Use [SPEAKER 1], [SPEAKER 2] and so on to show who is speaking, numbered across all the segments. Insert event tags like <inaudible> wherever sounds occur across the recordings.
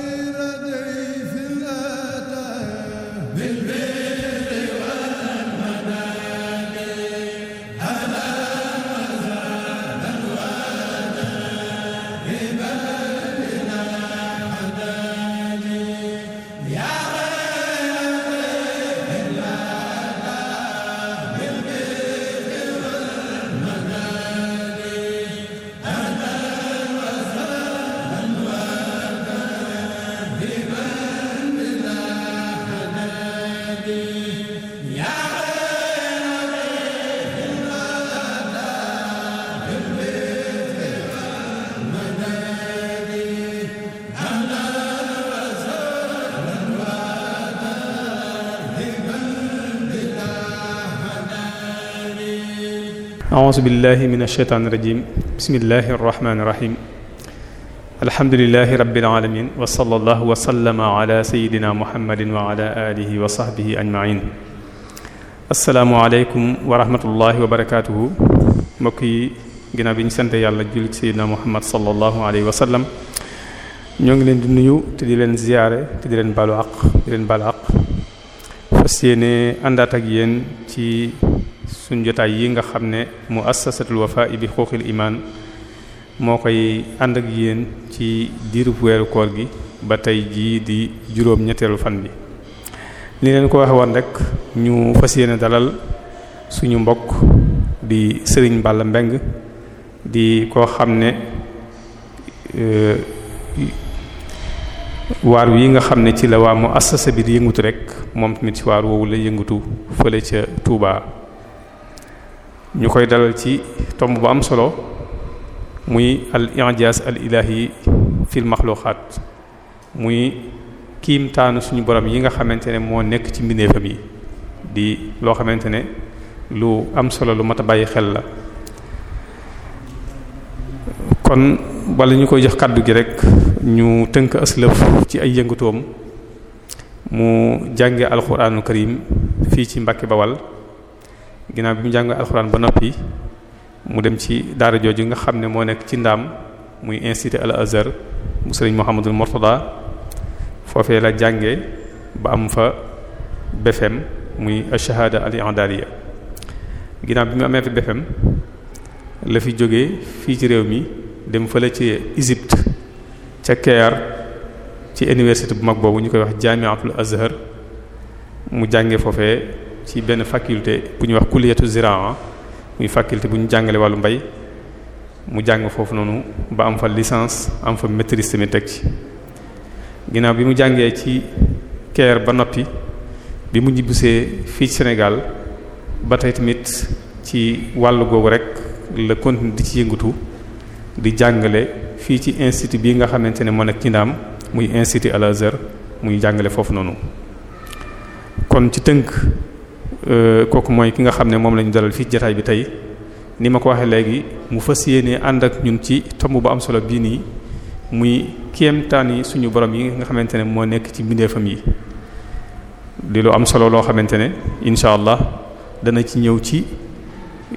[SPEAKER 1] خير دين
[SPEAKER 2] aus billahi min alsheytaan irajim bismillahi arrahmani irahim alhamdulilahi rabilalamin wasala allahu wasallama ala wa ala yi ginnaaw sant yàlla julli muhammad sallallahu alayhi wa sallam ñoo ngi leen di te di ziyaare te di leen aq di leen ci suñ jotaay yi nga xam ne mu assasatul wafa bi xuuxil imaan moo koy ànd ak yéen ci diirub weeru koor gi ba tey jii di juróom ñetteelu fan bi li leen ko waxe woon rek ñu fas yéene dalal suñu mbokk di sëriñ Balla Mbeng di koo xam ne euh, waar wi nga xam ne ci la waa mu assasa bi di yëngutu rek moom tamit ci waar woowu la yëngutu fële ca Touba ñu koy dalal ci tomb bu am solo muy al i'jaz al ilahi fil makhluqat muy kiimtaanu suñu borom yi nga xamante ne moo nekk ci mbindeefam yi di loo xamante ne lu am solo lu mat a bàyyi xel la kon wala ñu koy jox kàddu gi rek ñu tënk aslëf ci ay yëngatoom mu jànge alxuraanu karim fii ci Mbàkke Bawal ginnaaw bi mu jàng alxuraan ba noppi mu dem ci daara jooju nga xam ne moo nekk ci ndaam muy institut al azhar mu sëriñ Mouhamadul Mortada foofee la jànge ba am fa BFEM muy ash-shahada al-i'dadiyya bi mu amee fi la fi jóge fii ci réew mi dem fële ci Égypte ca Caire ci université bu mag boobu ñu koy wax jaamiatul azhar mu jànge foofee ci benn faculté bu ñuy wax kulliyatu ziraa muy faculté bu ñu jàngale wàllu mbay mu jàng foofu noonu ba am fa licence am fa maîtrise tamit teg ci ginnaaw bi mu jàngee ci keer ba noppi bi mu ñibbisee fii Sénégal ba tey tamit ci wàll googu rek la continue di ci yëngatu di jàngale fii ci institut bii nga xamante ne moo nekk ci ndaam muy institut Al Azhar muy jàngale foofu noonu kon ci tënk Euh, kooku mooy ki nga xam ne moom lañu ñu dalal fii jataay bi tey ni ma ko waxee léegi mu fas yéenee ànd ak ñun ci tomb bu am solo bii nii muy kéemtaan yi suñu borom yi nga xamante ne moo nekk ci mbindeefam yi di lu am solo loo xamante ne incha allah dana ci ñëw ci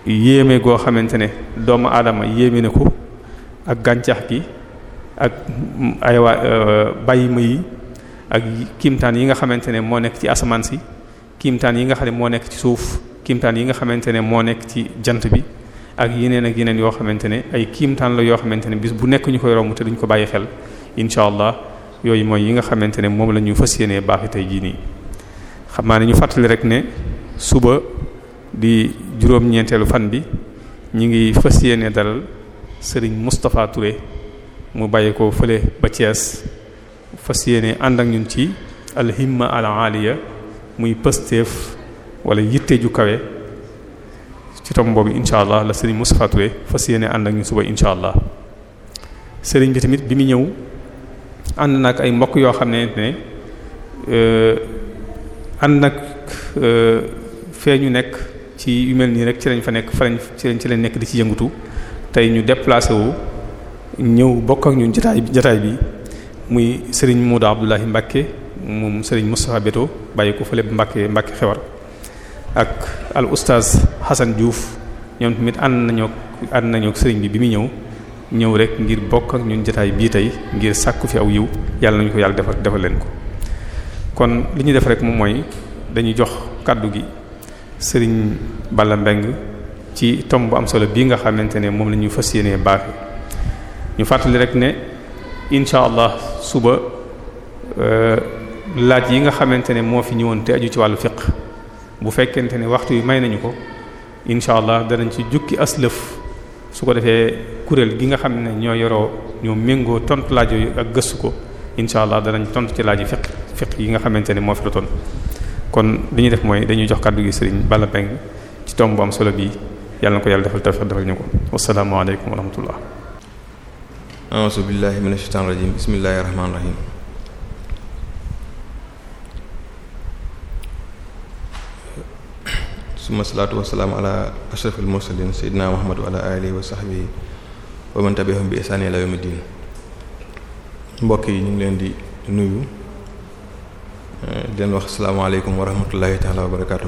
[SPEAKER 2] yéeme goo xamante ne doomu aadama yéeme ko ak gàncax gi ak ay waa euh, bàyyima yi ak kimtaan yi nga xamante ne moo nekk ci asamaan si kiimtaan yi nga xam ne moo nekk ci suuf kiimtaan yi nga xamante ne moo nekk ci jant bi ak yeneen ak yeneen yoo xamante ne ay kiimtaan la yoo xamante ne bis bu nekk ñu koy romb te duñ ko bàyyi xel incha allah yooyu mooy yi nga xamante ne moom la ñu fas yéenee baaxi tey jii nii. xam naa ne ñu fàttali rek ne suba di juróom-ñeenteelu fan bi ñu ngi fas yéenee daral sëriñ Moustapha Touré mu bàyyi ko fële ba Thiès fas yéenee ànd ak ñun ci alhimma al aliya muy pësteef wala yitte ju kawe ci tom boobu incha allah la sëriñ Moustapha Touré fas yéene ànd ak ñu suba incha allah sëriñ bi tamit bi mu ñëw ànd nag ay mbokk yoo xam ne ne euh, ànd nag euh, fee ñu nekk ci yu mel nii rek ci lañ fa nekk fa lañ ci leen ci lañ nekk di ci yëngatu tey ñu déplacé wu ñëw bokk ak ñun jotaay jotaay bi muy sëriñ Mouda Abdoulahi Mbacke. moom Serigne Moustapha Beto bàyyi ko fële Mbacke Mbacke xewar ak al oustaz Hassan Diouf ñoom tamit ànd nañoo ànd nañoo Serigne bi bi muy ñëw ñëw rek ngir bokk ak ñun jotaay bii tey ngir sàkku fi aw yiw yàlla nañu ko yàlla defal defal leen ko. kon li ñu def rek moom mooy dañu jox kàddu gi sëriñ Balla Mbeng ci tomb bu am solo bii nga xamante ne moom la ñu fas yéenee baax ñu fàttali rek ne incha allah suba. Euh, laaj yi nga xamante ne moo fi ñëwoon te aju ci wàllu fiq bu fekkente ne waxtu yi may nañu ko incha allah danañ ci jukki aslëf su ko defee kuréel gi nga xam ne ñoo yoroo ñoo méngoo tontu laaj yooyu ak gëstu ko incha allah danañ tontu ci laaj yi fiq fiq yi nga xamante ne moo fi doon kon li ñuy def mooy dañuy jox kàddu gi sëriñ Balla Peng ci tomb am solo bi yàlla na ko yàlla defal tawfiq defal ñu ko wassalaamu aleykum wa rahmatullah a'uuzu billahi minash shaytaanir rajiim bismillahir rahmaanir
[SPEAKER 3] rahiim summa salaatu wasalaamu ala ashrafil mursalin sayyidina muhammad wa ala alihi wa sahbihi wa man tabi'ahum bi ihsani ila yawmid din mbokk yi ñu ngi leen di nuyu di leen wax asalaamaaleykum wa rahmatullahi taala wa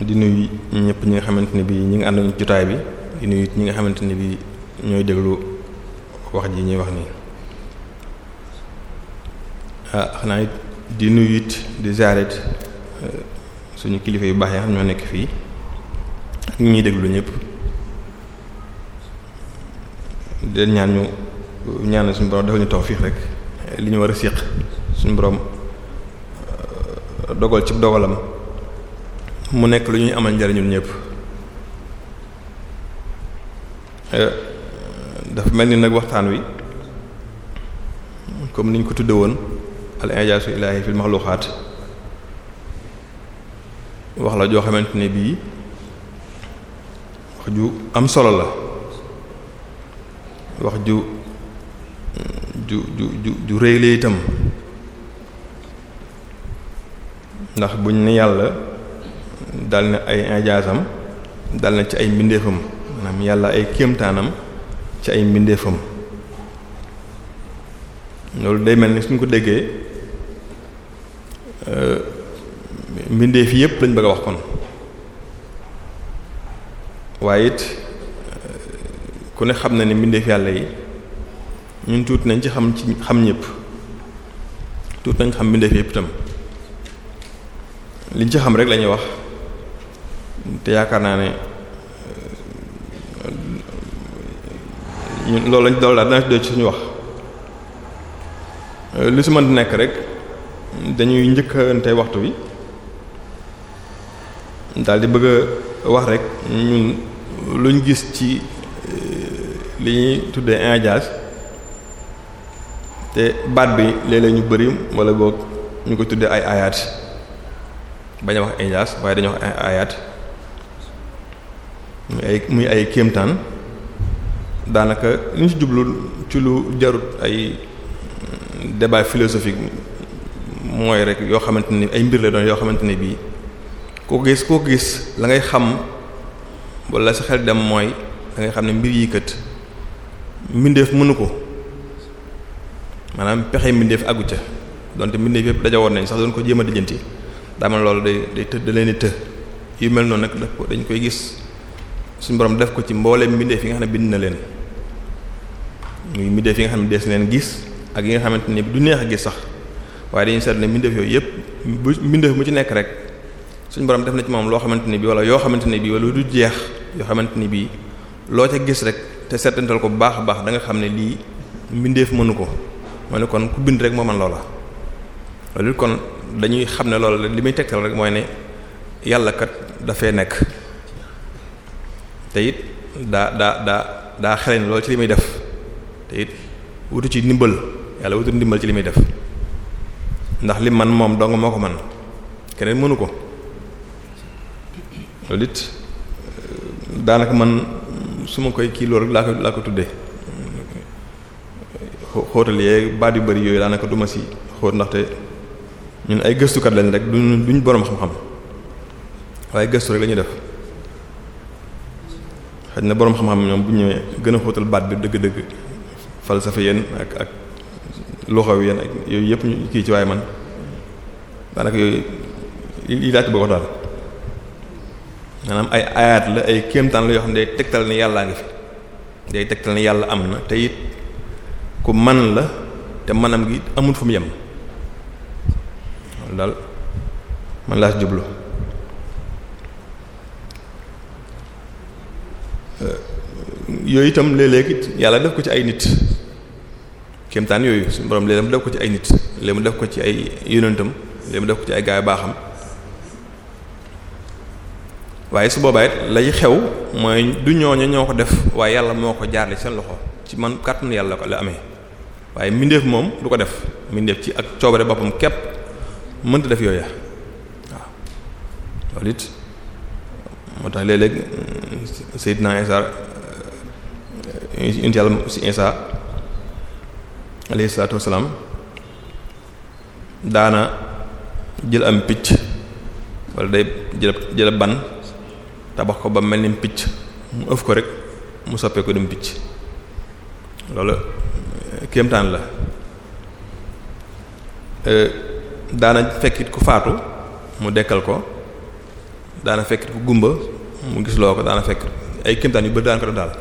[SPEAKER 3] di nuyu ñëpp ñi nga xamante ne bii ñi ànd àndoon jotaay bi di nuyu ñi nga xamante ne bii ñooy déglu wax ji ñuy wax nii ah xanaa it di nuyu it di ziaret suñu kilifa yu baax yi xam ñoo nekk fii ak ñuy déglu ñëpp di ñaan ñu ñaan suñu borom dafa ñu tawfiix rek li ñu war a séq suñ borom euh, dogal ci dogalam mu nekk lu ñuy amal njariñul ñëpp euh, dafa mel ni nag waxtaan wi comme niñ ko tudde woon al injaasu ilaahi fil maxluqaat wax la joo xamante ne bii wax ju am solo la wax ju ju ju ju rëy la itam ndax buñ ne yàlla dal na ay injaasam dal na ci ay mbindeefam maanaam yàlla ay kéemtaanam ci ay mbindeefam loolu day mel ni suñ ko déggee mbindeef yépp lañ bëgg a wax kon waaye it eh, ku ne xam na ni mbindeef yàlla yi ñun tuuti nañ ci xam ci xam ñépp tuuti nañ xam mbindeef yépp itam liñ ci xam rek lañuy wax te yaakaar naa ne eh, ñun loolu lañ loolu laa dana doy ci suñu wax eh, lu si mën nekk rek dañuy njëkkante waxtu wi daal di bëgg a wax rek ñun luñ gis ci euh, li ñuy tuddee indiage te baat bi léeg-léeg ñu bëri wala boog ñu ko tuddee ay ayaat bañ a wax indiage waaye dañu wax ay muy ay muy kéemtaan daanaka li ñu ci jublu ci lu jarut ay mm, débat philosophique mooy rek yoo xamante ni ay mbir la doon yoo xamante ni bii. ku gis koo gis la ngay xam wala sa xel dem mooy da ngay xam ne mbir yi kat mbindeef mënu ko maanaam pexe mbindeef àggu ca donte mbindeef yëpp dajawoon nañ sax doon ko jéem a dijjanti daa man loolu day day të da leen di të yu mel noonu nag daf ko dañ koy gis suñu borom def ko ci mboolee mbindeef yi nga xam ne bind na leen muy mbindeef yi nga xam ne dees leen gis ak yi nga xamante ni du neex a gis sax waaye dañuy seetlu ne mbindeef yooyu yëpp bu mu ci nekk rek suñ borom def na ci moom loo xamante ne bii wala yoo xamante ne bii wala du jeex yoo xamante ne bii loo ca gis rek te seetantal ko bu baax a baax da nga xam ne lii mbindeef mënu ko moo kon ku bind rek moo man loola loolu kon dañuy xam ne loola li muy tegtal rek mooy ne yàlla kat dafay nekk te daa daa daa daa xele ne ci li muy def te it wutu ci ndimbal yàlla wutu ndimbal ci li muy def ndax li man moom dong moo ko man keneen mënu ko loolu it daanaka man su ma koy kii loolu rek laa ko laa ko tuddee xóotal yeeg baat yu bari yooyu daanaka du ma si xóot ndaxte ñun ay gëstukat lañ rek duñ duñ borom xam-xam waaye gëstu rek la def xëy na borom xam-xam ñoom bu ñëwee gën a xóotal baat bi dëgg-dëgg falsafa yéen ak ak loxo yéen yooyu yëpp ñu kii ci waaye man daanaka yooyu lii laa ci bëgg daal. maanaam ay ayaat la ay kéemtaan la yoo xam ne day tegtal ni yàllaa ngi fi day tegtal ni yàlla am na te it ku man la te manam gi amul fu mu yem dal man laa si jublu eh, yooyu itam léeg-léeg yàlla def ko ci ay nit kéemtaan yooyu suñu borom léeg def ko ci ay nit léeg mu def ko ci ay yonentam léeg mu def ko ci ay gaay baaxam waaye su boobaa it lay xew mooy du ñooñu ñoo ko def waaye yàlla moo ko jaarale seen loxo ci man kàttanu yàlla ko la amee waaye mbindeef moom du ko def mbindeef ci ak coobare boppam képp mënta def yooya waaw loolu it moo tax léeg-léeg Seydina Isa unti yàlla si wassalaam daana jël am picc wala day jël jël ban tabax ko ba mel ni picc mu ëf ko rek mu soppee ko dem picc loolu eh, kéemtaan la eh, daana fekkit ku faatu mu dekkal ko daana fekkit ku gumba mu gis loo ko daana fekk ay kéemtaan yu bëri daan ko def daal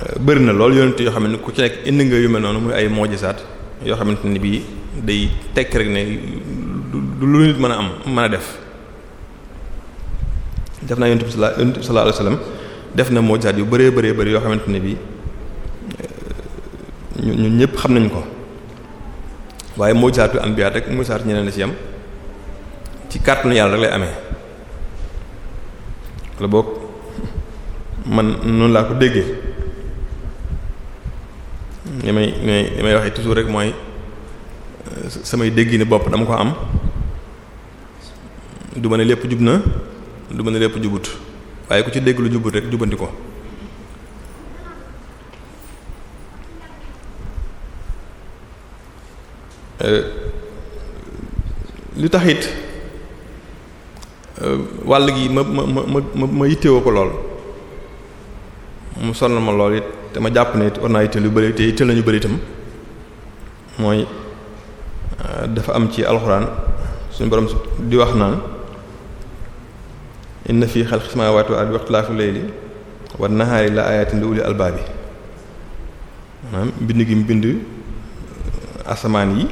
[SPEAKER 3] eh, bëri na lool yonent yoo xam ne ku ci nekk indi nga yu mel noonu muy ay moojisaat yoo xamante ni bii day tekk rek ne lu nit mën a am mën a def def naa yonent bi sallallahu alayhi wasallam def na mujjizaat yu bëree bëree bëri yoo xamante ne bi eh, ñu ñun ñëpp xam nañ ko waaye mujjizaatu anbiya rek mujjizaatu ñeneen la ci yam ci kàttanu yàlla rek lay amee wala man noonu laa ko déggee li may li toujours rek mooy eh, samay déggi ni bopp dama ko am du ma ne lépp jub na du mën a lépp jubut waaye ku ci dégg lu jubut rekk jubanti euh, li taxit euh, wàll gi ma ma ma ma ma ko lool mu sonn ma lool it te ma jàpp ne it war naa yitteel yu bëri te yitteel nañu bëri itam mooy euh, dafa am ci alxuraan suñu borom di wax naan inna fii xalqi samaawaati wal ardi wa ixtilaafi layli wan nahaari la ayaatin li ulil albaabi maanaam mbind gi mu bind uh, asamaan yi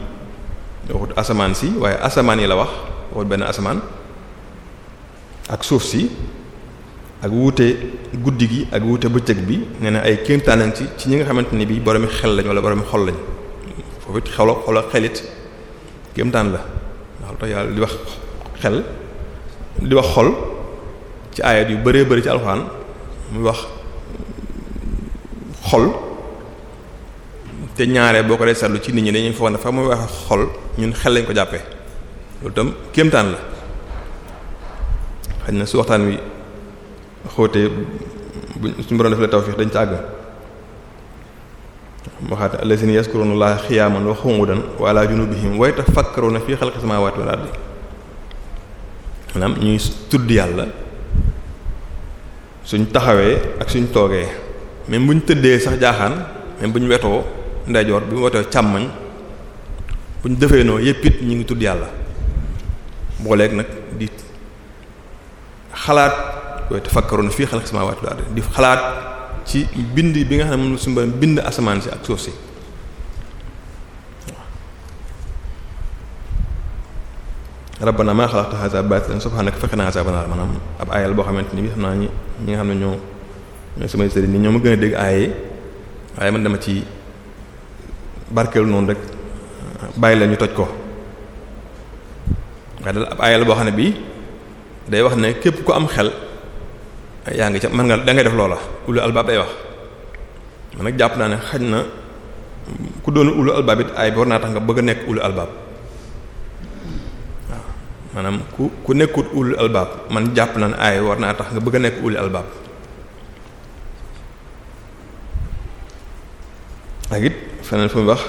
[SPEAKER 3] waxut asamaan si waaye asamaan yi la wax waxut benn asamaan ak suuf si ak wuute guddi gi ak wuute bëccëg bi nee na ay kéemtaan ci ci ñi nga xamante ni bii boroomi xel lañ wala boroomi xol lañ foofu it xel xolo xelit kéemtaan la ndax lu tax yàlla di wax xel di wax xol ci ayat yu bëree bëri ci alxuraan muy wax xol te ñaaree boo ko dee seetlu ci nit ñi dañuy foog ne fa muy wax xol ñun xel lañ ko jàppe loolu itam kéemtaan la xëy na su waxtaan wi xóotee bu suñu borom def la tawfiix dañ ca àgg waxaate allazina yazkurunallaha qiyaman wa qu'udan wa ala junubihim wa yatafakkaruna fi xalqis samawati wal ardi maanaam ñuy tudd yàlla suñ taxawee ak suñ toogee même buñ tëddee sax jaaxaan même bu ñu wetoo ndeyjoor bi ñu wetoo càmmoñ buñ ñu noo yépp it ñu ngi tudd yàlla booleeg nag di xalaat koy tafakkaruna fii xalqis samawati wal ardi di xalaat ci bind bi nga xam ne moom suñu borom bind asamaan si ak suuf si rabbana ma xalaqta hadha batilan subhanaka faqina adhaban nar maanaam ab ayal boo xamante ni bi xam naa ñi ñi nga xam ne ñoo ñooy samay sëriñ ni ñoo ma gën a dégg aaye waaye man dama ci barkeelu noonu rek bàyyi la ñu toj ko waaye dal ab aaye la boo xam ne bii day wax ne képp ku am xel yaa ngi ca mën nga da ngay def loola ulul albaab day wax man nag jàpp naa ne xaj na ku doon ulul albaab it aay bi war naa tax nga bëgg a nekk ulul albaab maanaam ku ku nekkut ulul albaab man jàpp na ne aay war naa tax nga bëgg a nekk ulul albaab ak it feneen fu mu wax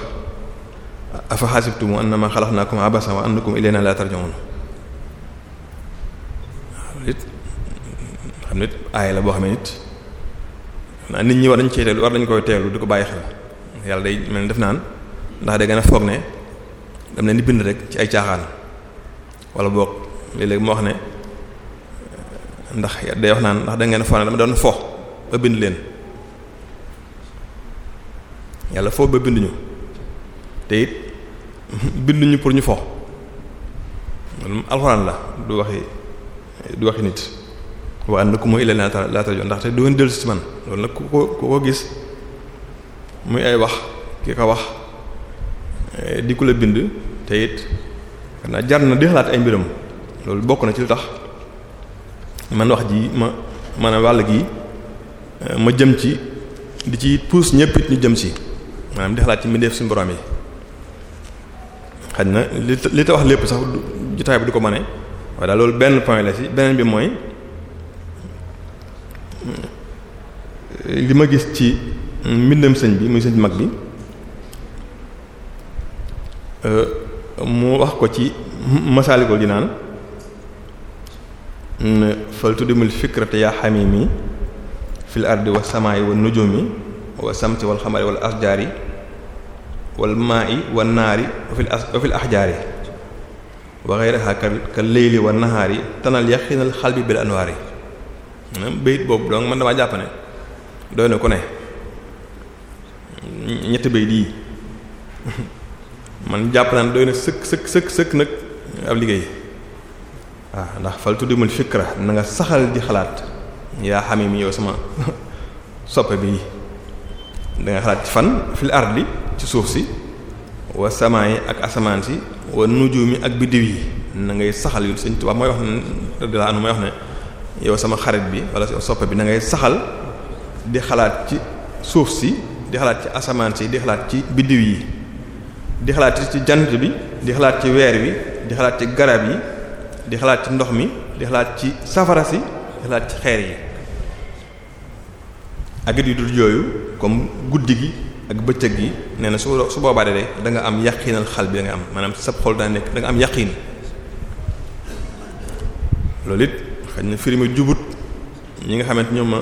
[SPEAKER 3] afa xasibtum annama xalaqnakum abasan wa laa ilayna la tarji'un it xam nit aay la boo xam ne nit nit ñi war nañ cee teelu war nañ koy teelu di ko bàyyi xel yàlla day mel ni def naan ndax day gën a foog ne dam leen di bind rek ci ay caaxaan wala boog léeg-léeg moo wax ne ndax day wax naan ndax da ngeen fo dama doon fo ba bind leen yàlla foo ba bind ñu te it bind ñu pour ñu fo loolu alxuraan la du waxi du waxi nit waaye nag ku muy illee laata laata jox ndaxte du ngeen dellu si man loolu nag ku ko ku ko gis muy ay wax ki ko wax di ku la bind te xanaa jar na di xalaat ay mbiram loolu bokk na ci lu tax man wax ji ma maanaam wàll gi eh, ma jëm ci di ci puus ñëpp ñu jëm ci maanaam di xalaat ci mbindeef si borom yi xaj na li li ta wax lépp sax jotaay bi du ko mane waaye daal loolu benn point la ci beneen bi mooy eh, li ma gis ci mbindam sëñ bi muy sëñ mag bi. Eh, mu wax ko ci masaalikul jinaan fal tuddimul fikrata yaa xamimi fil ardi wa samaayi wa nujumi wa samti wal xamari wal asjaari wal maa'i wa naari wa fil ahjaari wa ghayriha ka layli wa nahaari tanal yaqinal xalbi bil anwaari bayit boobu donc man damaa jàpp ne doy na ku ne ñetti bayit yi <laughs> man jàpp naa ne doy na sëkk sëkk sëkk sëkk nag ab liggéey waaw ah, ndax fal tuddimul fikra na nga saxal di xalaat yaa xam mu yow sama <laughs> sopp bi da nga xalaat ci fan fil ardi ci suuf si waa samaa yi ak asamaan si wa nujumi ak biddiw yi na ngay saxal yu Sëriñ Tuubaa mooy wax ne radiyallahu anhu mooy wax ne yow sama xarit bi wala soppe bi na ngay saxal di xalaat ci suuf si di xalaat ci asamaan si di xalaat ci biddiw yi di xalaat ci jant bi di xalaat ci weer wi di xalaat ci garab yi di xalaat ci ndox mi di xalaat ci safara si di xalaat ci xeer yi ak it yu dul yooyu comme guddi gi ak bëccëg gi nee na su su boobaa de da nga am yàqinal xal bi da nga am maanaam sab xol daa nekk danga nga am yàqin loolu it xëy na firime jubut ñi nga xamante ñoom ma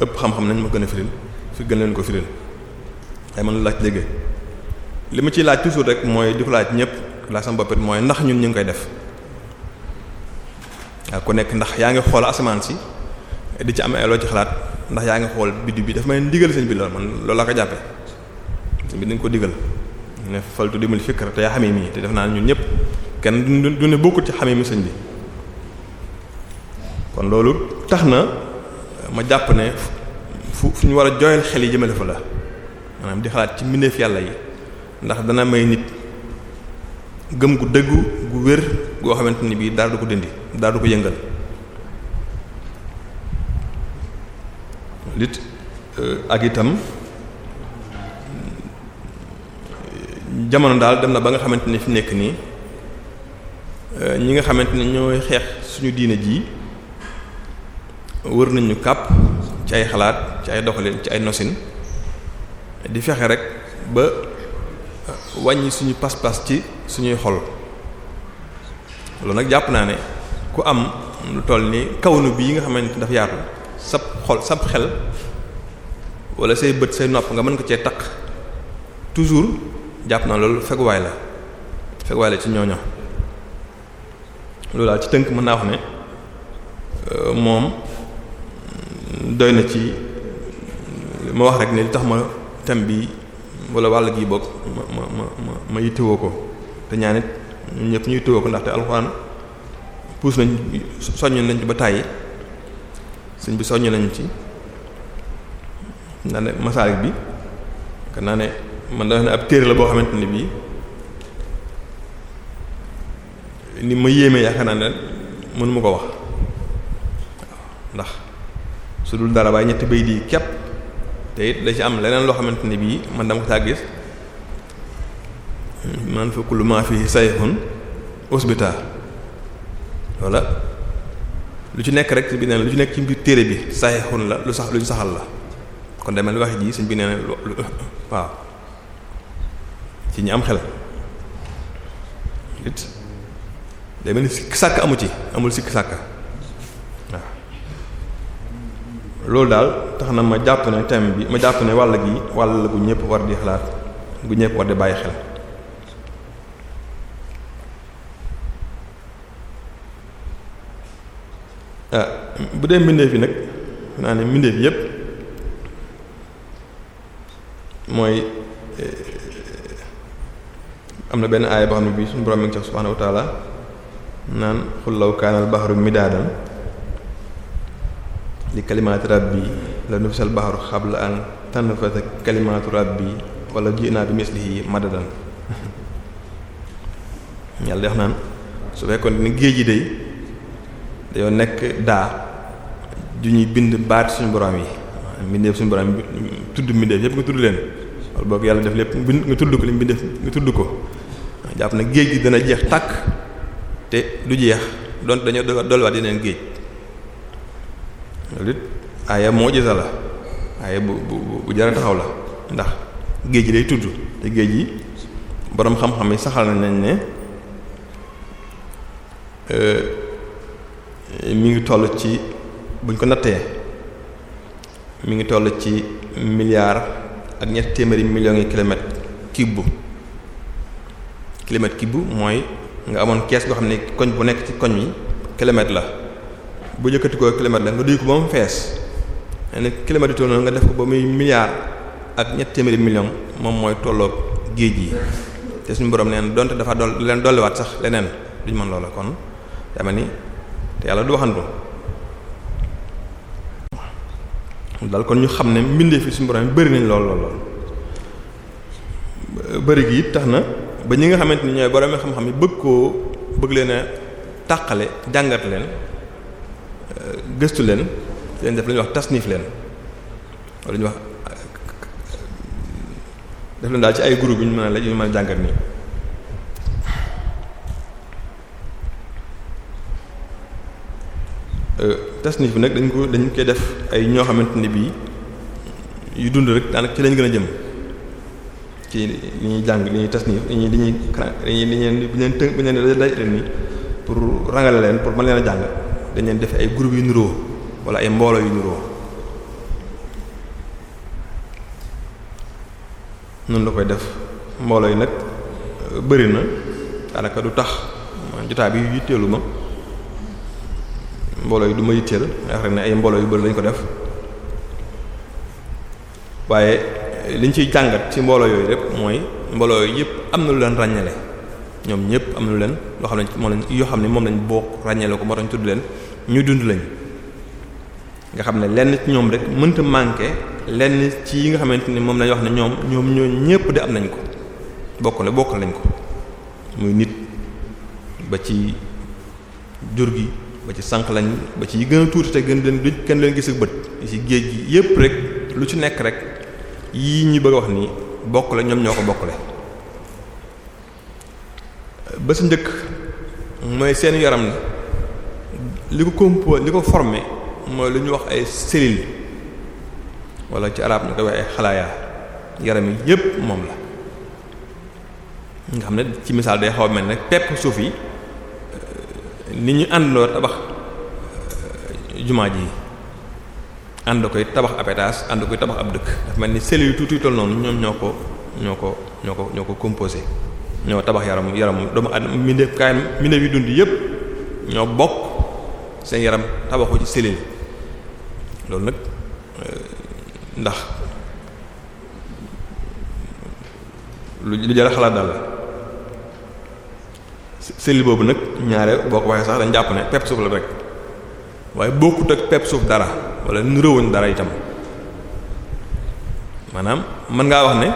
[SPEAKER 3] ëpp xam-xam nañ ma gën a firil fi gën leen ko firil ay man lu laaj léegi li ma ciy laaj toujours rek mooy di ko laaj ñëpp laaj sama boppit mooy ndax ñun ñu ngi koy def waaw ku nekk ndax yaa ngi xool asamaan si di ci am loo ci xalaat ndax yaa ngi xool biddu bi dafa may ndigal seen bi lool man loolu laa ko jàppee seen bi dañ ko digal ne faltu dimul fikr te yaa xamee mii te def naa ñun ñëpp kenn du du ne bokkut ci xamee mi sëñ bi kon loolu tax na ma jàpp ne fu fu ñu war a jooyal xel yi jëmale fa la maanaam di xalaat ci mbindeef yàlla yi ndax dana may nit gëm gu dëggu gu wér goo xamante ni bii daal du ko dindi daal du ko yëngal lit euh, ak itam jamono daal dem na ba nga xamante ni fi nekk nii euh, ñi nga xamante ne ñooy xeex suñu diine ji wër nañu kàpp ci ay xalaat ci ay doxalin ci ay nosin di fexe rek ba wàññi suñu pas-pas ci suñuy xol loolu nag jàpp naa ne ku am lu toll ni kawnu bi yi nga xamante dafa yaatu sab xol sab xel wala say bët say nopp nga mën ko cee taq toujours jàpp naa loolu feguwaay la feguwaay la ci ñooño loolu daal ci tënk mën naa wax ne euh, moom doy na ci ma wax rek ne li tax ma thème bi wala wàll gii bokk ma ma ma ma ma yittewoo ko te ñaan it ñun ñëpp ñu yittewoo ko ndaxte alxuraan puus nañ soññ nañ ci ba tàyyi sëñ bi soññ nañu ci naa ne bi kan naa ne man da ne ab téere la boo xamante ne bii ni ma yéemee yaakaar naa ne ko wax ndax su dul dara waaye ñetti bay di képp te it da ci am leneen loo xamante ni bii man dama ko saa gis man fa kullu fii fi sayxun usbita walla lu ci nekk rek ci bi nee lu ci nekk ci biir téere bi sayxun la lu sax luñ saxal la kon demel wax ji suñ bi nee lu waaw ci ñi am xel it demel sikk sàkk amu ci amul sikk sàkk loolu daal tax na ma jàpp ne thème bi ma jàpp ne wàll gi wàll gu ñépp war di xalaat gu ñëpp war di bàyyi xel. ah bu dee mbindeef yi nag naa ne mbindeef yépp mooy eh, am na benn aaya boo xam ne bii suñu borom mi ngi ci subhaanahu wa naan xul law kaana al-bahru li kalimaati rabbi la nufisal baxaru xabla an tanfasa kalimaatu rabbi wala jiinaa bi mislihi madadan <laughs> yàlla dex naan su fekkoon ni géej yi day dañoo nekk daa ju ñuy bind baat suñu borom yi mbindeef suñu borom tudd mbindeef yépp nga tudd leen wala boog yàlla def lépp nga tudd ko li mbindeef nga tudd ko jàpp na géej gi dana jeex tàkk te du jeex donc dañoo dolwaat yeneen géej loolu it aaya mujiza la aaya bu bu bu jara taxaw la ndax géej gi day tudd te géej gi boroom xam-xam yi saxal nañ ne euh, mi ngi toll ci buñ ko nattee mu ngi toll ci milliard ak ñett téeméeri millions yi kilomètre kibbu kilomètre kibbu mooy nga amoon kees goo xam ne koñ bu nekk ci koñ yi kilomètre la bu yëkkati ko kilomètre la nga duy ko ba mu fees nee na kilomètre toll nga def ko ba muy milliard ak ñetti téeméeri million moom mooy tolloog géej yi te suñu borom nee na donte dafa dool leen dolliwaat sax leneen duñ man loola kon dama ni te yàlla du waxantu dal kon ñu xam ne mbindee fi suñu borom yi bëri nañ lool lool lool bëri gi tax na ba ñi nga xamante ni ñooy borom xam-xam yi bëgg koo bëgg leen a tàqale jàngat leen. gëstu leen leen def la ñuy wax tasnif leen wala ñuy wax def leen daal ci ay groupe yu ñu mën a la ñu mën a jàngat nii tasnif bi nag dañ ko dañ koy def ay ñoo xamante ne bii yu dund rek daanaka ci lañ gën a jëm ci li ñuy jàng li ñuy tasnif li ñuy li ñuy li ñuy li ñuy bi leen tënk bi leen daj nii pour rangale leen pour mën leen a jàng dañ leen def ay groupe yu niroo wala ay mbooloo yu niroo noonu la koy def mbooloo yi nag euh, bëri na daanaka du tax jotaay bi yitteelu ma mbooloo yi du ma yitteel ne ay mbooloo yu bëri lañ ko def waaye euh, liñ ciy jàngat ci mbooloo yooyu rek mooy mbooloo yooyu yëpp am na lu leen ràññale ñoom ñëpp am na lu leen loo xam ne moom lañ yoo xam ne moom lañ bokk ràññale ko moo tax ñu tudd leen ñu dund lañ nga xam ne lenn ci ñoom rek mënta manqué lenn ci yi nga xamante ni moom lañ wax ne ñoom ñoom ñoo ñépp de am nañ ko bokk na bokk nañ ko muy nit ba ci jur gi ba ci sànq lañ ba ci yi gën a tuuti te gën leen du kenn leen gis ak bët ci géej gi yépp rek lu ci nekk rek yii ñu bëgg a wax ni bokk la ñoom ñoo ko bokkle ba sa njëkk mooy seen yaram li ko composé li ko formé mooy lu ñu wax ay cellules wala ci arab na koy wax ay xalaayaa yaram yi yépp moom la nga xam ne ci misaal day xaw a mel nag pepp suuf yi euh, ni ñu àndloo tabax euh, jumaa ji ànd koy tabax ab étage ànd koy tabax ab dëkk dafa mel ni cellules yu tuuti toll noonu ñoom ñoo ko ñoo ko ñoo ko ñoo ko composé ñoo tabax yaramu yaramu doomu aadama mbindeef kaayam mbindeef yi dund yépp ñoo bokk seen yaram tabaxoo ci selil loolu nag euh, ndax lu lu jar a xalaat daal la selil boobu nag ñaare boo ko waxee sax dañ jàpp ne pepp suuf la rek waaye bokkut ak pepp suuf dara wala nu rëwoon dara itam maanaam mën ngaa wax ne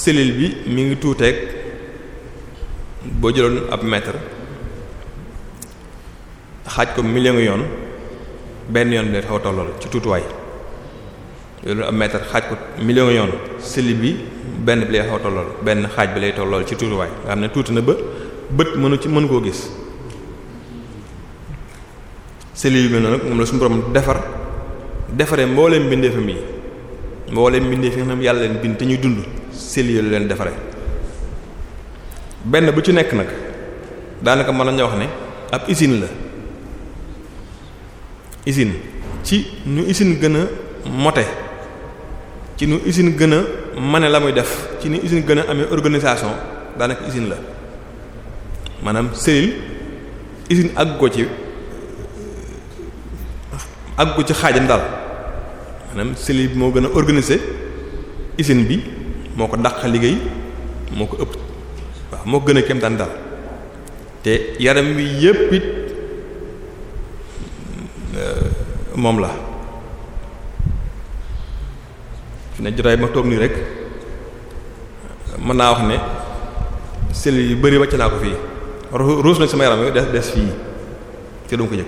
[SPEAKER 3] selil bi mi ngi tuuteeg boo jëloon ab mètre. xaaj ko million yoon benn yoon bi dafa tollal ci tuutuwaay loolu ab mètre xaaj ko million yoon seli bi benn bi lay xaw tollool benn xaaj bi lay tollool ci tuutiwaay nga xam ne tuuti na ba bët mënu ci mën koo gis seli bi nag moom la suñu defar defaree mbooleem bindeefam yi mbooleem bindeef yi nga yàlla leen bind te ñuy dund seli la leen defare benn bu ci nekk nag daanaka mën nañu wax ne ab usine la usine ci nu usine gën a mote ci nu usine gën a mane la muy def ci nu usine gën a amee organisation daanaka usine la maanaam cellule usine àgg ko ci àgg ko ci xaajam daal manam cellule bi moo gën a organiser usine bi moo ko dàq liggéey moo ko ëpp waaw moo gën a kéemtaan daal te yaram wi yépp moom la fi ne jotaay ma toog nii rek mën naa wax ne cellules yu bëri wàcc naa ko fii ruus nañ sama yaram yi des des fii te du ko yëg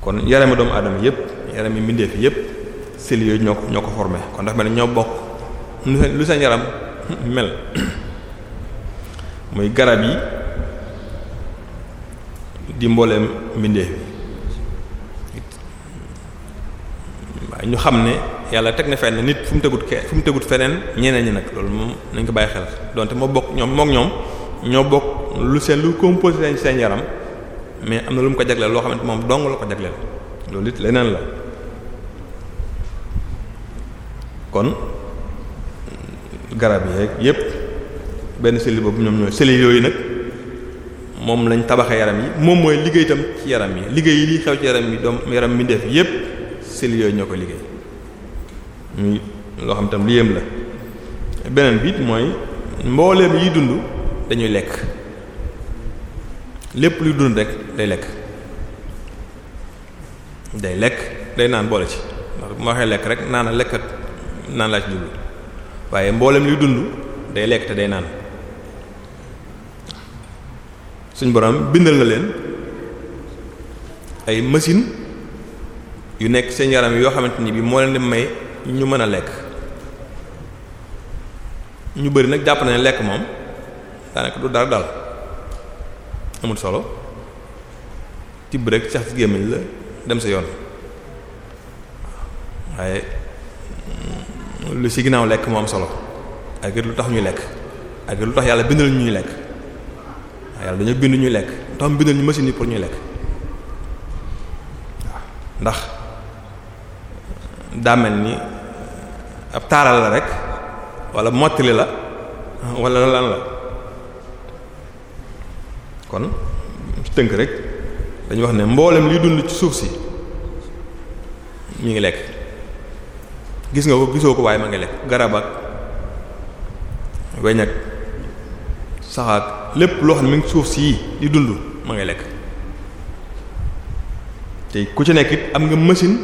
[SPEAKER 3] kon yarami doomu aadama yépp yarami mbindeef yépp cellules yooyu ñoo ko ñoo formé kon dafa mel ne ñoo bokk lu seen lu seen yaram mel <coughs> muy garab yi di mbooleem mbindeef waaye ñu xam ne yàlla teg na fenn nit fu mu tegut ke fu mu tegut feneen ñeneen ñi nag loolu moom nañ ko bàyyi xel donte moo bokk ñoom mook ñoom ñoo bokk lu seen lu composé seen yaram mais am na lu mu ko jagleel loo xamante moom dong la ko jagleel loolu it leneen la kon garab yeeg yépp benn cellule boobu ñoom ñooy cellule yooyu nag moom lañ tabaxee yaram yi moom mooy liggéey itam ci yaram yi liggéey yi liy xew ci yaram yi doom yaram mi def yépp cellules yooyu ñoo ko liggéey muy loo xam tam lu yéem la beneen bi mooy mbooleem yi dund dañuy lekk lépp luy dund rek day lekk day lekk day naan boole ci ndax bu lekk rek naan lekkat naan laa ci dund waaye mbooleem luy dund day lekk te day naan suñ borom bindal na leen ay machine yu nekk seen yaram yoo xamante ni bii moo leen di may ñu mën a lekk ñu bëri nag jàpp nañ lekk moom daanaka du dara dal amul solo tibb rek sax si gémmiñ la dem sa yoon waaye lu ci ginnaaw lekk moom solo ak lu tax ñuy lekk ak lu tax yàlla bindal ñu ñuy lekk yàlla dañu bind ñuy lekk tam bindal ñu machine yi pour ñu lekk waaw ndax daa ni ab taaral la rek wala mottali la <laughs> wala lan la kon tënk rek dañu wax ne mboolem liy dund ci suuf si mu ngi lekk gis nga ko gisoo ko waaye ma ngi lekk garab ak weñ ak sax lépp loo xam ne mi ngi suuf sii di dund ma ngay lekk te ku ci nekk it am nga machine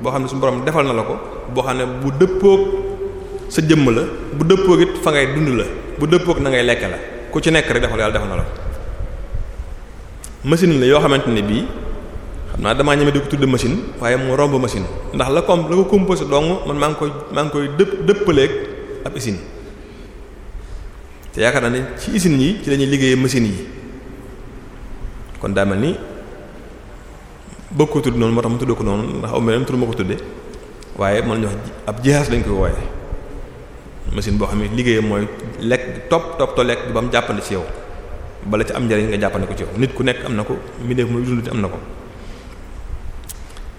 [SPEAKER 3] boo xam ne suñu borom defal na la ko boo xam ne bu dëppoog sa jëmm la bu dëppoog it fa ngay dund la bu dëppook na ngay lekk la ku ci nekk rek defal yàlla defal na la ko machine la yoo xamante ne bii xam naa damaa ñeme di ko tudd machine waaye mu romb machine ndax la comme la ko composé dong man maa ngi koy maa ngi koy dëpp dëppaleeg ab usine yaakaar naa ne ci usines yi ci lañuy liggéeyee machines yi kon daa mel ni bëgg ko tudd noonu moo tax mu tudd ko noonu ndax aw mel tudd ko tudde waaye mën nañu wax ab jihaas lañ koy wooye machine boo xam ne liggéeyam mooy lekk topp topp to lekk ba mu jàppandi ci yow bala ci am njariñ nga jàppandi ko ci yow nit ku nekk am na ko mbindeef muy dund am na ko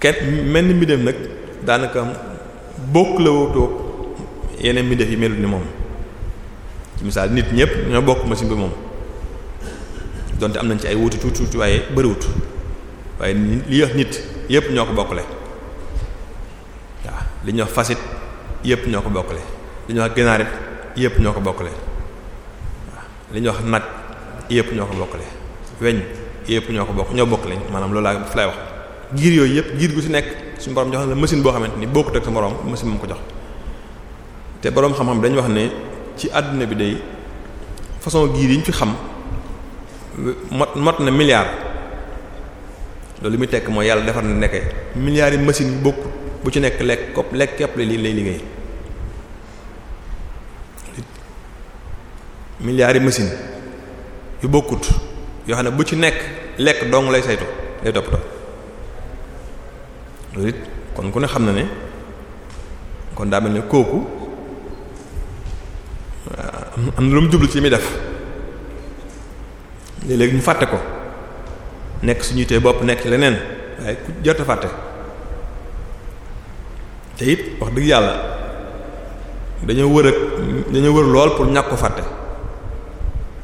[SPEAKER 3] kenn mel ni mbindeef nag daanaka bokk la woo toog yeneen mbindeef yi melut ni moom ci nit ñëpp ñoo bokk machine bi moom donte am nañ ci ay wuti tuuti tuuti waaye bëriwut waaye li wax nit yëpp ñoo ko bokkale waaw li ñuy wax fas yëpp ñoo ko bokkale li ñuy wax yëpp ñoo ko bokkale li ñuy wax nag yépp ñoo ko bokkale weñ yëpp ñoo ko bokk ñoo bokk lañ maanaam loolu laa fi lay wax giir yooyu yëpp giir gu si nekk suñu borom jox la machine boo xamante ni bokkut ak sa moroom machine moom ko jox te borom xam-xam dañu wax ne. ci àdduna bi day façon giir yi ñu fi xam mot mot na milliard loolu muy tekk mooy yàlla defar na nekkee milliards yi machine bokk bu ci nekk lekk kopp lekk képp lay liggéey milliards yi machine yu bokkut yoo xam ne bu ci nekk lekk dong lay saytu lay toppatoo loolu it kon ku ne xam na ne kon daa mel ne kooku am na lu mu jublu ci li muy def léeg ñu fàtte ko nekk suñuy tey bopp nekk ci leneen waaye ku jot fàtte te wax dëgg yàlla dañoo wër ak dañoo wër lool pour ñàkk ko fàtte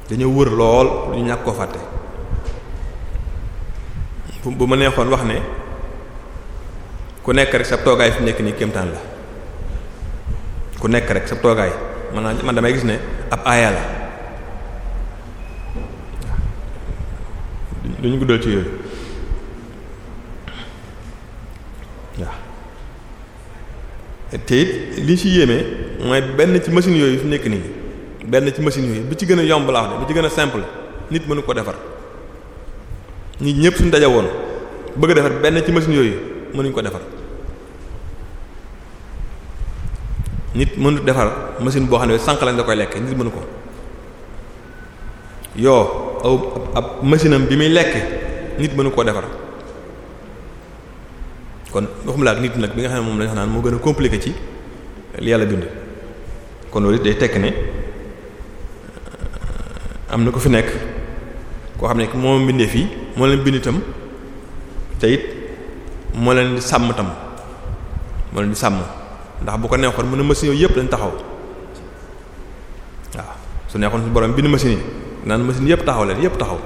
[SPEAKER 3] dañoo wër lool pour ñàkk ko fàtte bu ma neexoon wax ne ku nekk rek sab toogaay fi nekk nii kéemtaan la ku nekk rek sab toogaay man man damay gis ne ab aaya la lu ñu guddal ci yooyu waaw te it li ci yéeme mooy benn ci machine yooyu fi nekk nii benn ci machine yooyu bi ci gën a yomb laa wax de bi ci gën a simple nit mënu ko defar nit ñépp suñu woon bëgg a defar benn ci machine yooyu mënuñ ko defar nit mënut defar machine boo xam ne sànq lañ da koy lekk nit mënu ko yow aw ab machine bi muy lekk nit mënu koo defar kon waxumala ak nit nag bi nga xam ne moom lañ xam naan moo gën a compliqué ci yàlla bind kon loolu day tekk ne euh, am na ko fi nekk koo xam ne moom bindee fii moo leen bind itam te it moo leen di sàmm tam moo leen di sàmm ndax bu ko neexoon mën a machine yooyu yëpp dañ taxaw waaw su neexoon suñu borom bind machine yi naan machine yëpp taxaw leen yëpp taxaw